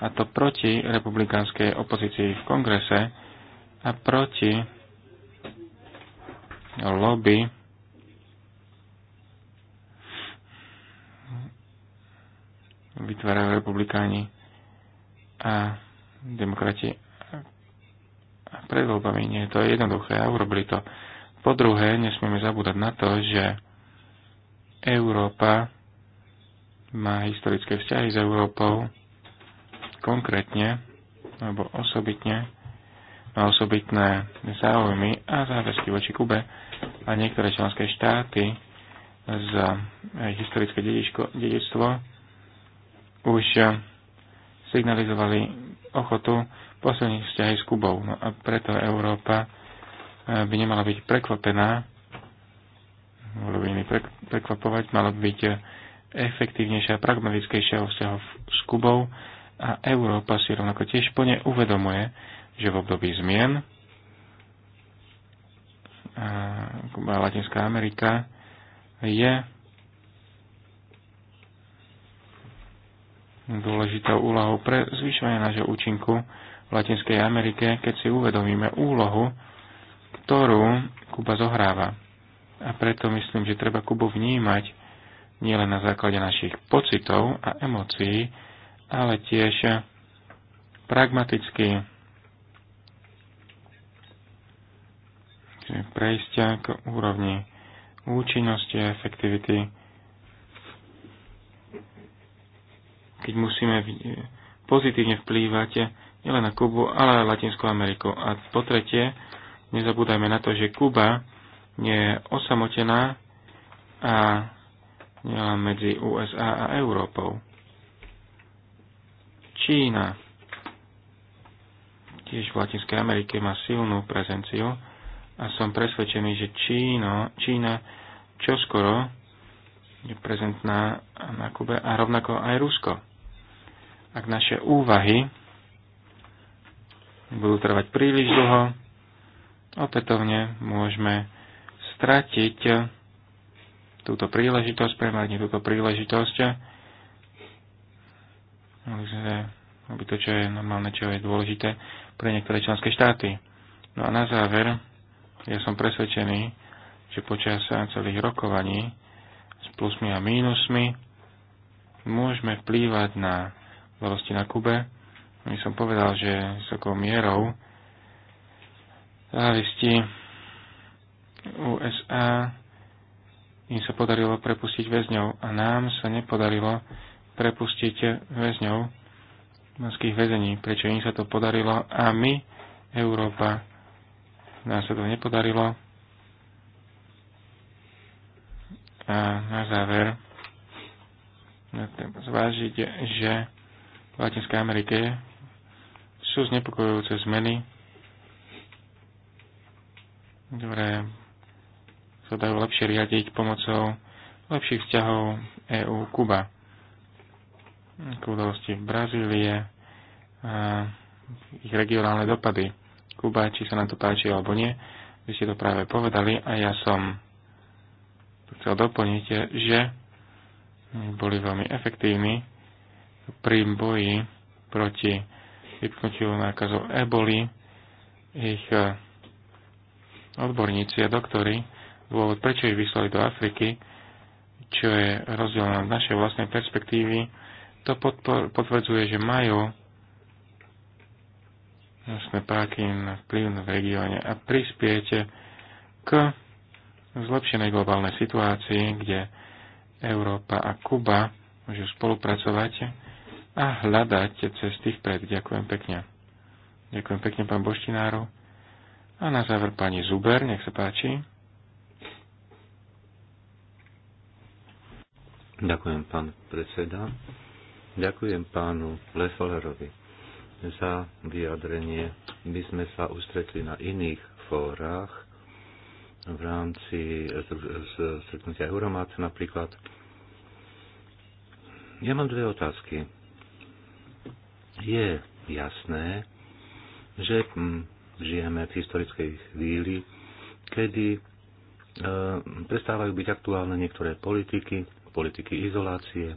a to proti republikánskej opozícii v kongrese a proti lobby vytvárajú republikáni a demokrati a pred voľbami nie je to jednoduché a urobili to. Po druhé, nesmieme zabúdať na to, že Európa má historické vzťahy s Európou, konkrétne alebo osobitne má osobitné záujmy a záväzky voči Kube a niektoré členské štáty za historické dedičko, dedičstvo už signalizovali ochotu posilniť vzťahy s Kubou. No a preto Európa by nemala byť prekvapená, robili prekvapovať, malo byť eh, efektívnejšia a pragmatickejšia o vzťahov s Kubou a Európa si rovnako tiež plne uvedomuje, že v období zmien eh, Kuba a Latinská Amerika je dôležitou úlohou pre zvyšovanie nášho účinku v Latinskej Amerike, keď si uvedomíme úlohu, ktorú Kuba zohráva. A preto myslím, že treba Kubu vnímať nielen na základe našich pocitov a emócií, ale tiež pragmaticky prejsť k úrovni účinnosti a efektivity, keď musíme pozitívne vplývať nielen na Kubu, ale aj Latinskú Ameriku. A po tretie, nezabúdajme na to, že Kuba nie je osamotená a medzi USA a Európou. Čína tiež v Latinskej Amerike má silnú prezenciu a som presvedčený, že Číno, Čína čoskoro je prezentná na Kube a rovnako aj Rusko. Ak naše úvahy budú trvať príliš dlho, opätovne môžeme stratiť eh, túto príležitosť, premárniť túto príležitosť, eh, aby to, čo je normálne, čo je dôležité pre niektoré členské štáty. No a na záver, ja som presvedčený, že počas celých rokovaní s plusmi a mínusmi môžeme vplývať na udalosti na Kube. My som povedal, že vysokou mierou závisti USA, im sa podarilo prepustiť väzňov a nám sa nepodarilo prepustiť väzňov morských väzení. Prečo im sa to podarilo a my, Európa, nám sa to nepodarilo. A na záver treba zvážiť, že v Latinskej Amerike sú znepokojujúce zmeny, ktoré sa dajú lepšie riadiť pomocou lepších vzťahov EU-Kuba. K udalosti v Brazílie, a ich regionálne dopady. Kuba, či sa nám to páči alebo nie, vy ste to práve povedali a ja som to chcel doplniť, že boli veľmi efektívni pri boji proti vypnutiu nákazov eboli. Ich odborníci a doktory dôvod, prečo ich vyslali do Afriky, čo je rozdiel na naše vlastnej perspektívy, to podpor, potvrdzuje, že majú jasné páky na vplyv v regióne a prispiete k zlepšenej globálnej situácii, kde Európa a Kuba môžu spolupracovať a hľadať cesty vpred. Ďakujem pekne. Ďakujem pekne, pán Boštinárov, A na záver pani Zuber, nech sa páči. Ďakujem, pán predseda. Ďakujem pánu Lefalerovi za vyjadrenie. My sme sa ustretli na iných fórach v rámci stretnutia Euromat napríklad. Ja mám dve otázky. Je jasné, že hm, žijeme v historickej chvíli, kedy eh, prestávajú byť aktuálne niektoré politiky, politiky izolácie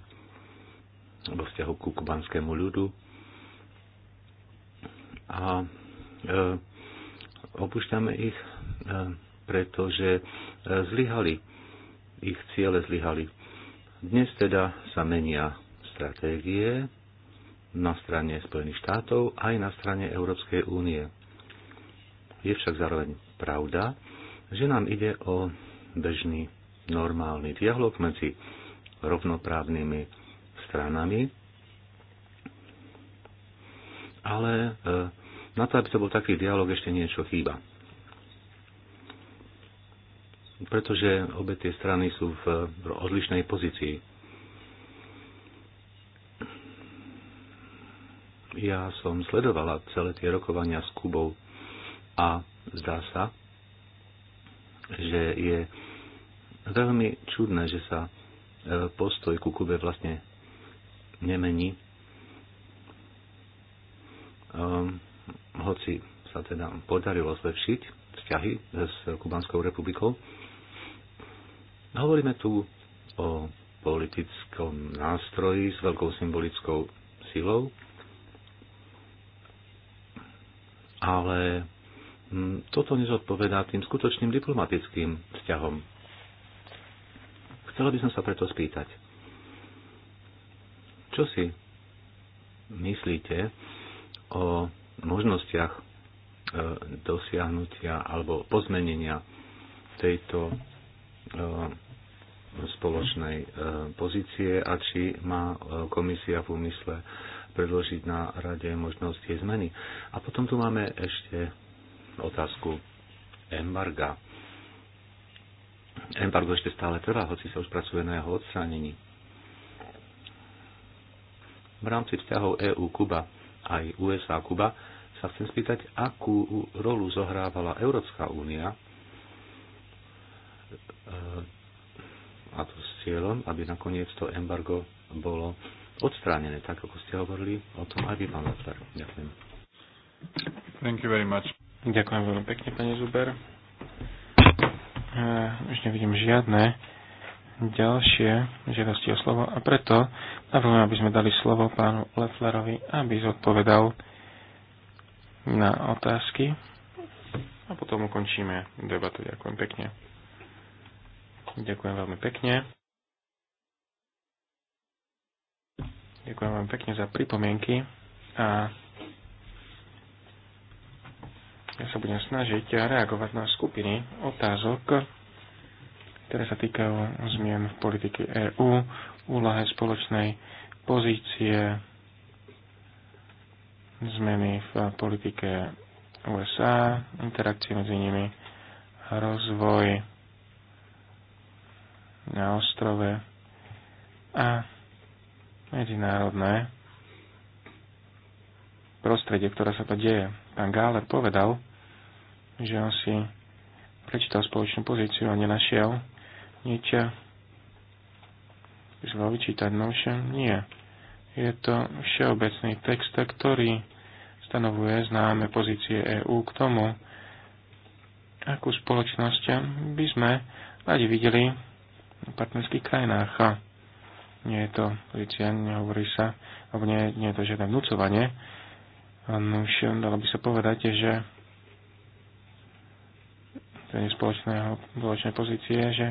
vo vzťahu ku kubanskému ľudu. A e, opúšťame ich, e, pretože e, zlyhali, ich ciele zlyhali. Dnes teda sa menia stratégie na strane Spojených štátov aj na strane Európskej únie. Je však zároveň pravda, že nám ide o bežný normálny dialog medzi rovnoprávnymi stranami. Ale e, na to, aby to bol taký dialog, ešte niečo chýba. Pretože obe tie strany sú v odlišnej pozícii. Ja som sledovala celé tie rokovania s Kubou a zdá sa, že je veľmi čudné, že sa postoj ku Kube vlastne nemení. Um, hoci sa teda podarilo zlepšiť vzťahy s Kubanskou republikou. Hovoríme tu o politickom nástroji s veľkou symbolickou silou, ale hm, toto nezodpovedá tým skutočným diplomatickým vzťahom Chcel by som sa preto spýtať, čo si myslíte o možnostiach e, dosiahnutia alebo pozmenenia tejto e, spoločnej e, pozície a či má komisia v úmysle predložiť na rade možnosť zmeny. A potom tu máme ešte otázku embarga embargo ešte stále trvá, hoci sa už pracuje na jeho odstránení. V rámci vzťahov EU-Kuba aj USA-Kuba sa chcem spýtať, akú rolu zohrávala Európska únia eh, a to s cieľom, aby nakoniec to embargo bolo odstránené, tak ako ste hovorili o tom aj vy, pán Lefler. Ďakujem. Thank you very much. Ďakujem veľmi pekne, pani Zuber už nevidím žiadne ďalšie žiadosti o slovo a preto navrhujem, aby sme dali slovo pánu Lefflerovi, aby zodpovedal na otázky a potom ukončíme debatu. Ďakujem pekne. Ďakujem veľmi pekne. Ďakujem veľmi pekne za pripomienky a ja sa budem snažiť reagovať na skupiny otázok, ktoré sa týkajú zmien v politike EÚ, úlahe spoločnej pozície, zmeny v politike USA, interakcie medzi nimi, rozvoj na ostrove a medzinárodné prostredie, ktoré sa to deje. Pán Gáler povedal, že on si prečítal spoločnú pozíciu a nenašiel nič, by vyčítať, no všem nie. Je to všeobecný text, ktorý stanovuje známe pozície EÚ k tomu, akú spoločnosť by sme radi videli v partnerských krajinách. Nie je to pozícia, nehovorí sa, alebo nie, nie je to žiadne vnúcovanie. No už dalo by sa povedať, že tej spoločného, spoločnej pozície, že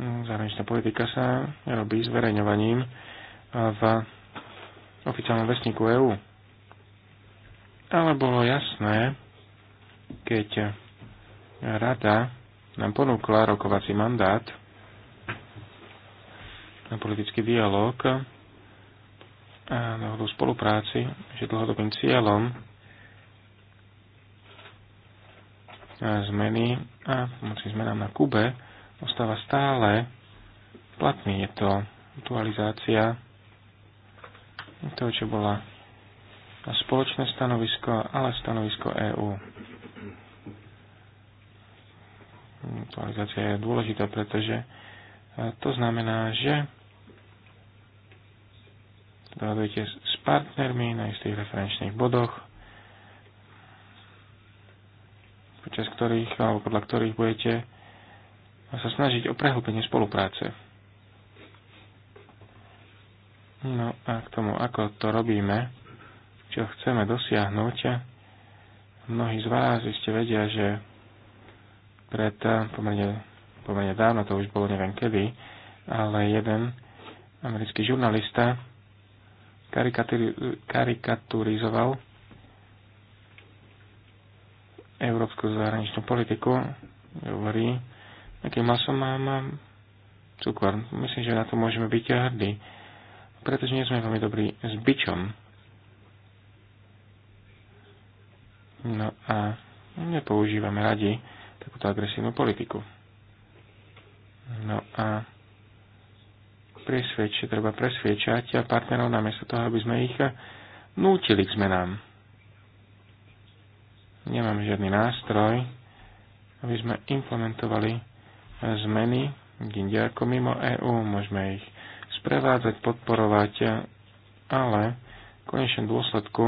zahraničná politika sa robí zverejňovaním v oficiálnom vesníku EÚ. Ale bolo jasné, keď rada nám ponúkla rokovací mandát na politický dialog a dohodu spolupráci, že dlhodobým cieľom E, zmeny a pomoci zmenám na Kube ostáva stále platný. Je to aktualizácia toho, čo bola spoločné stanovisko, ale stanovisko EÚ. Aktualizácia je dôležitá, pretože e, to znamená, že dohadujete s partnermi na istých referenčných bodoch, počas ktorých, alebo podľa ktorých budete sa snažiť o prehlbenie spolupráce. No a k tomu, ako to robíme, čo chceme dosiahnuť, mnohí z vás ste vedia, že pred pomerne, pomerne dávno, to už bolo neviem kedy, ale jeden americký žurnalista karikaturizoval európsku zahraničnú politiku, hovorí, aký maso má, má cukor. Myslím, že na to môžeme byť hrdí, pretože nie sme veľmi dobrí s bičom. No a nepoužívame radi takúto agresívnu politiku. No a presvedčia, treba presviečať partnerov namiesto toho, aby sme ich nútili k zmenám nemám žiadny nástroj, aby sme implementovali e, zmeny kde ako mimo EÚ. Môžeme ich sprevádzať, podporovať, e, ale v konečnom dôsledku,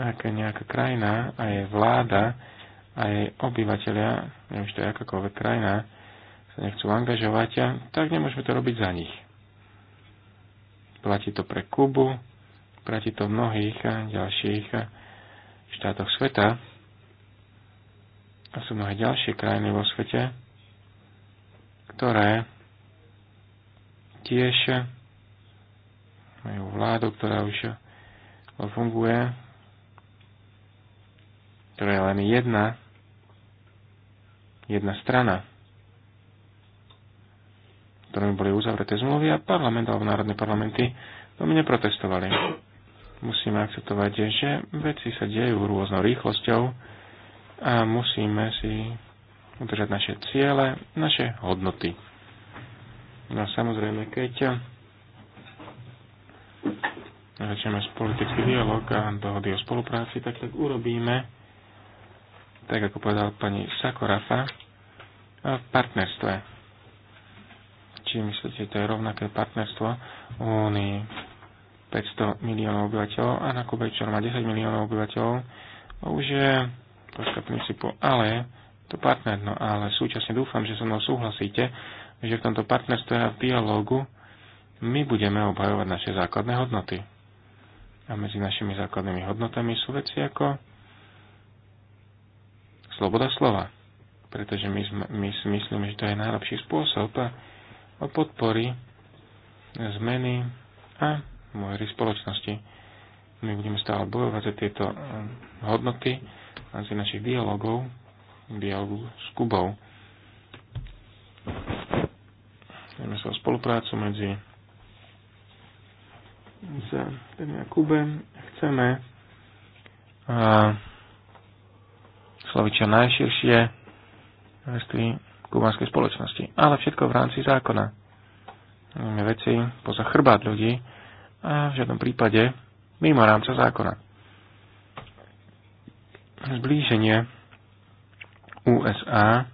ak nejaká krajina a jej vláda a jej obyvateľia, neviem, to je akákoľvek krajina, sa nechcú angažovať, e, tak nemôžeme to robiť za nich. Platí to pre Kubu, platí to mnohých ďalších štátoch sveta a sú mnohé ďalšie krajiny vo svete, ktoré tiež majú vládu, ktorá už funguje, ktorá je len jedna, jedna strana, ktorými boli uzavreté zmluvy a parlament alebo národné parlamenty do mne protestovali musíme akceptovať, že veci sa dejú rôznou rýchlosťou a musíme si udržať naše ciele, naše hodnoty. No a samozrejme, keď začneme politický dialog a dohody o spolupráci, tak tak urobíme, tak ako povedal pani Sakorafa, v partnerstve. Či myslíte, to je rovnaké partnerstvo v Únii 500 miliónov obyvateľov a na Kube, čo má 10 miliónov obyvateľov, už je troška princípu, ale to no ale súčasne dúfam, že so mnou súhlasíte, že v tomto partnerstve a v dialogu my budeme obhajovať naše základné hodnoty. A medzi našimi základnými hodnotami sú veci ako sloboda slova. Pretože my, my si myslíme, že to je najlepší spôsob o podpory, zmeny a mojej spoločnosti. My budeme stále bojovať za tieto eh, hodnoty a za našich dialogov, dialogu s Kubou. Vieme sa o spoluprácu medzi za a Kube. Chceme a, eh, sloviť čo najširšie vrstvy kubanskej spoločnosti. Ale všetko v rámci zákona. Máme veci poza chrbát ľudí, a v žiadnom prípade mimo rámca zákona. Zblíženie USA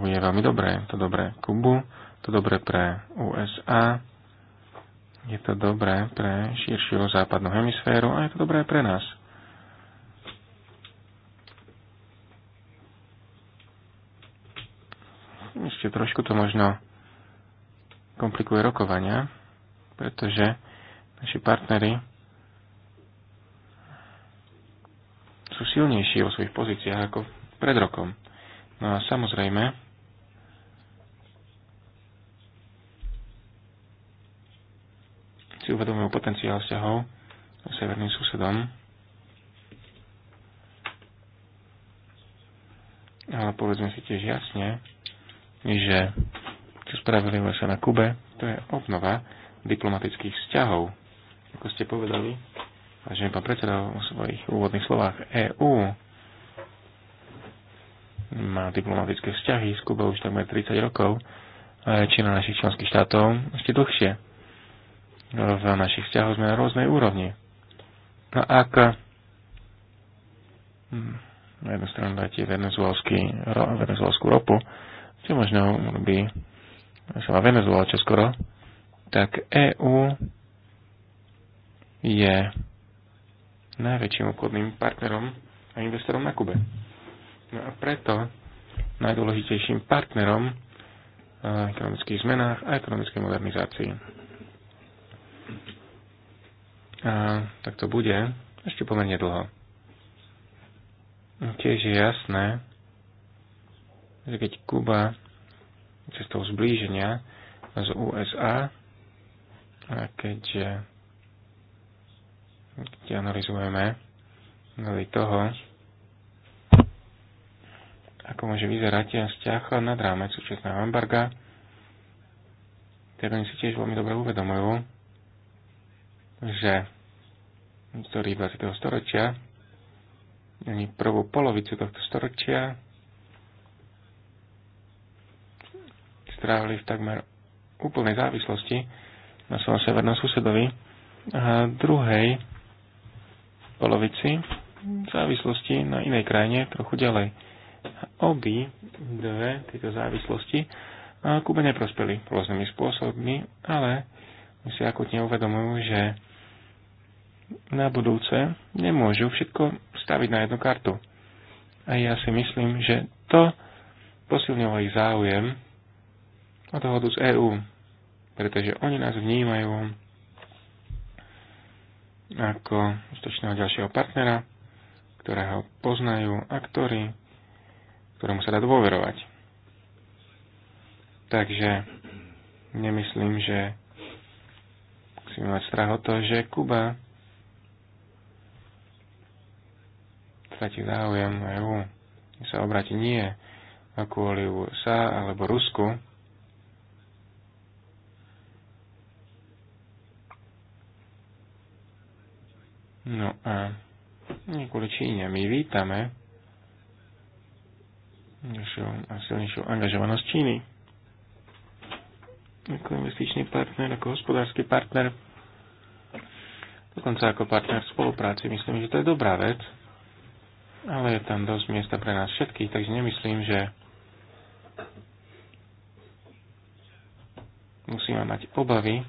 je veľmi dobré. Je to dobré Kubu, to dobré pre USA, je to dobré pre širšiu západnú hemisféru a je to dobré pre nás. Ešte trošku to možno komplikuje rokovania, pretože naši partnery sú silnejší vo svojich pozíciách ako pred rokom. No a samozrejme, si uvedomujú potenciál vzťahov s severným susedom, ale povedzme si tiež jasne, že čo spravili USA na Kube, to je obnova diplomatických vzťahov. Ako ste povedali, vážený pán predseda, o svojich úvodných slovách EÚ má diplomatické vzťahy s Kubou už takmer 30 rokov, čina našich členských štátov ešte dlhšie. V našich vzťahoch sme na rôznej úrovni. No ak hm, na jednu stranu dáte venezuelskú ropu, čo možno robí sa má Venezuela čoskoro, tak EÚ je najväčším obchodným partnerom a investorom na Kube. No a preto najdôležitejším partnerom v eh, ekonomických zmenách a ekonomickej modernizácii. A tak to bude ešte pomerne dlho. Tiež je jasné, že keď Kuba cestou zblíženia z USA, keďže keď analizujeme toho, ako môže vyzerať vzťah nad rámec súčasného embarga, tak oni si tiež veľmi dobre uvedomujú, že histórii 20. storočia, ani prvú polovicu tohto storočia, strávili v takmer úplnej závislosti na svojom severnom susedovi a druhej polovici v závislosti na inej krajine trochu ďalej. A obi dve tieto závislosti Kube neprospeli rôznymi spôsobmi, ale my si akutne uvedomujú, že na budúce nemôžu všetko staviť na jednu kartu. A ja si myslím, že to posilňovalo ich záujem a dohodu z EÚ, pretože oni nás vnímajú ako ústočného ďalšieho partnera, ktorého poznajú a ktorý, ktorému sa dá dôverovať. Takže nemyslím, že musíme mať strach o to, že Kuba stratí záujem EÚ, sa obráti nie kvôli USA alebo Rusku, No a nie kvôli Číne. My vítame našu a silnejšiu angažovanosť Číny ako investičný partner, ako hospodársky partner, dokonca ako partner v spolupráci. Myslím, že to je dobrá vec, ale je tam dosť miesta pre nás všetkých, takže nemyslím, že musíme mať obavy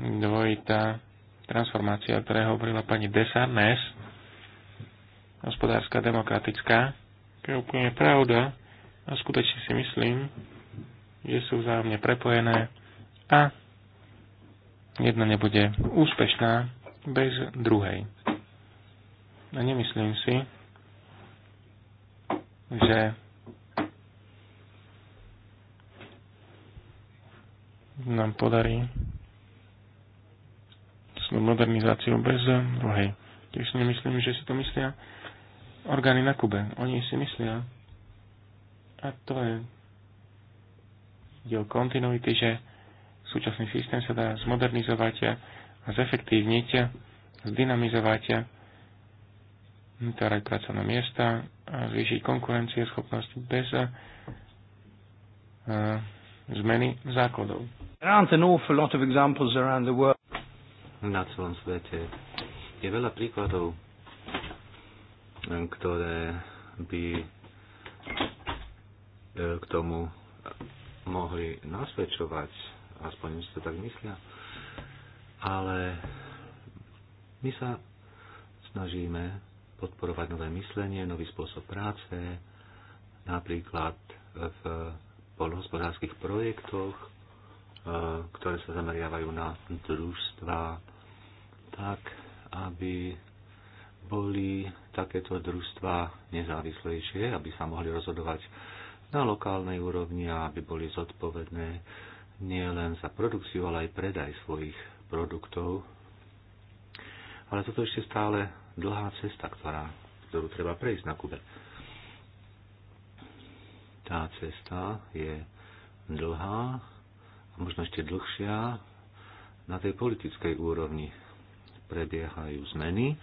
dvojitá transformácia, o ktorej hovorila pani Nes, hospodárska, demokratická, to je úplne pravda a skutočne si myslím, že sú vzájomne prepojené a jedna nebude úspešná bez druhej. A nemyslím si, že nám podarí slovo modernizáciu bez druhej. Tiež si nemyslím, že si to myslia orgány na Kube. Oni si myslia, a to je diel kontinuity, že súčasný systém sa dá zmodernizovať a zefektívniť, zdynamizovať, vytvárať pracovné miesta a zvýšiť konkurencieschopnosť bez a, eh, a, zmeny základov. There aren't an awful lot of examples around the world na celom svete. Je veľa príkladov, ktoré by e, k tomu mohli nasvedčovať, aspoň si to tak myslia, ale my sa snažíme podporovať nové myslenie, nový spôsob práce, napríklad v polnohospodárských projektoch, ktoré sa zameriavajú na družstva, tak aby boli takéto družstva nezávislejšie, aby sa mohli rozhodovať na lokálnej úrovni a aby boli zodpovedné nielen za produkciu, ale aj predaj svojich produktov. Ale toto ešte stále dlhá cesta, ktorá, ktorú treba prejsť na Kube. Tá cesta je dlhá, možno ešte dlhšia. Na tej politickej úrovni prebiehajú zmeny, ehm,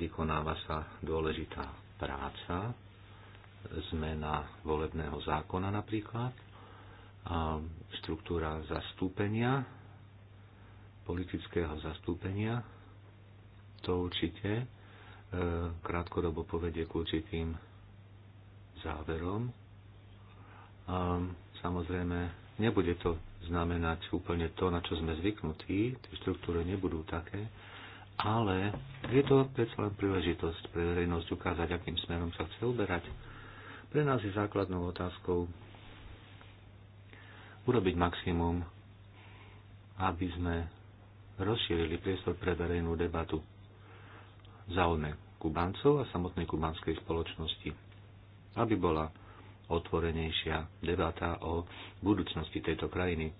vykonáva sa dôležitá práca, zmena volebného zákona napríklad, štruktúra zastúpenia, politického zastúpenia, to určite ehm, krátkodobo povedie k určitým záverom. Ehm, samozrejme, Nebude to znamenať úplne to, na čo sme zvyknutí, tie štruktúry nebudú také, ale je to predsa len príležitosť pre verejnosť ukázať, akým smerom sa chce uberať. Pre nás je základnou otázkou urobiť maximum, aby sme rozšírili priestor pre verejnú debatu záujme Kubancov a samotnej kubanskej spoločnosti, aby bola otvorenejšia debata o budúcnosti tejto krajiny,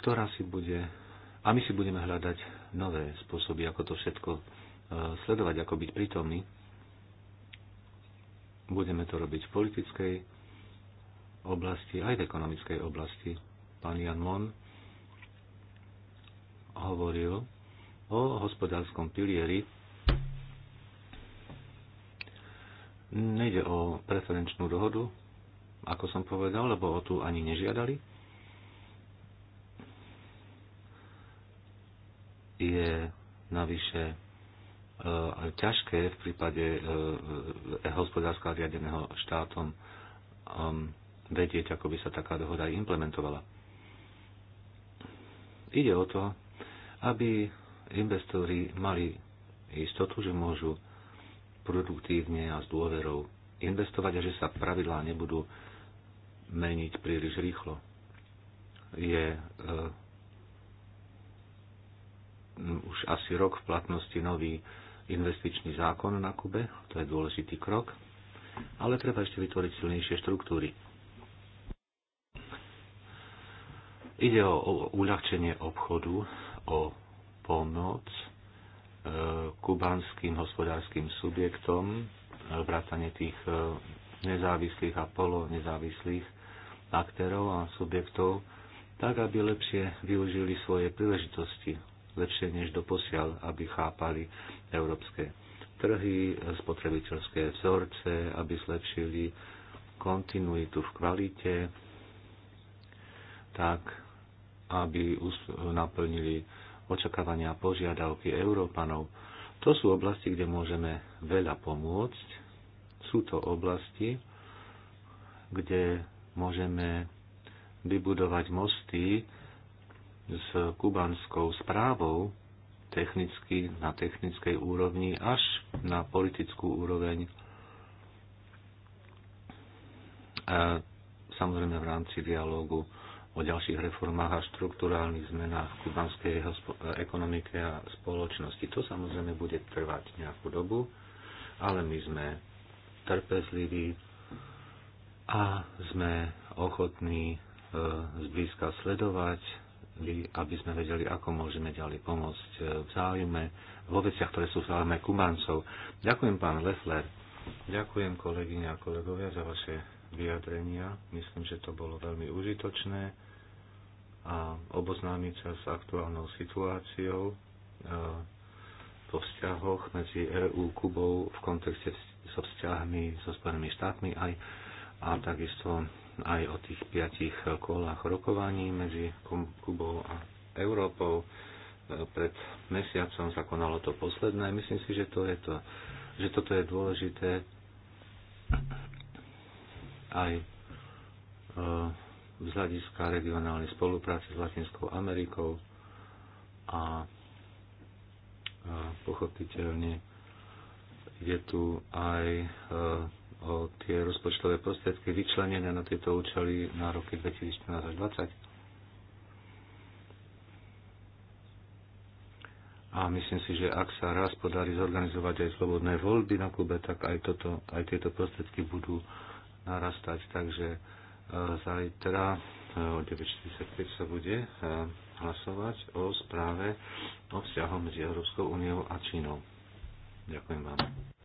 ktorá si bude, a my si budeme hľadať nové spôsoby, ako to všetko e, sledovať, ako byť prítomný. Budeme to robiť v politickej oblasti, aj v ekonomickej oblasti. Pán Jan Mon hovoril o hospodárskom pilieri Nejde o preferenčnú dohodu, ako som povedal, lebo o tu ani nežiadali. Je navyše e, ťažké v prípade e, e, hospodárska riadeného štátom vedieť, ako by sa taká dohoda implementovala. Ide o to, aby investori mali istotu, že môžu produktívne a s dôverou investovať a že sa pravidlá nebudú meniť príliš rýchlo. Je e, už asi rok v platnosti nový investičný zákon na Kube, to je dôležitý krok, ale treba ešte vytvoriť silnejšie štruktúry. Ide o, o uľahčenie obchodu, o pomoc E, kubanským hospodárským subjektom, e, vrátane tých e, nezávislých a polonezávislých aktérov a subjektov, tak aby lepšie využili svoje príležitosti, lepšie než doposiaľ, aby chápali európske trhy, spotrebiteľské vzorce, aby zlepšili kontinuitu v kvalite, tak aby naplnili očakávania a požiadavky Európanov. To sú oblasti, kde môžeme veľa pomôcť. Sú to oblasti, kde môžeme vybudovať mosty s kubanskou správou technicky, na technickej úrovni až na politickú úroveň. A samozrejme v rámci dialógu o ďalších reformách a štruktúrálnych zmenách v kubanskej e, ekonomike a spoločnosti. To samozrejme bude trvať nejakú dobu, ale my sme trpezliví a sme ochotní e, zblízka sledovať, aby sme vedeli, ako môžeme ďalej pomôcť e, v záujme, vo veciach, ktoré sú v záujme Kubancov. Ďakujem, pán Lesler, Ďakujem, kolegyne a kolegovia, za vaše vyjadrenia. Myslím, že to bolo veľmi užitočné a oboznámiť sa s aktuálnou situáciou vo e, vzťahoch medzi a e Kubou v kontexte so vzťahmi so Spojenými štátmi aj a takisto aj o tých piatich kolách rokovaní medzi Kubou a Európou. E, pred mesiacom sa konalo to posledné. Myslím si, že, to je to, že toto je dôležité aj e, z hľadiska regionálnej spolupráce s Latinskou Amerikou a e, pochopiteľne je tu aj e, o tie rozpočtové prostriedky vyčlenené na tieto účely na roky 2014 až 2020. A myslím si, že ak sa raz podarí zorganizovať aj slobodné voľby na Kube, tak aj, toto, aj tieto prostriedky budú narastať, takže e, zajtra e, o 9.45 sa bude e, hlasovať o správe o vzťahom medzi Európskou úniou a Čínou. Ďakujem vám.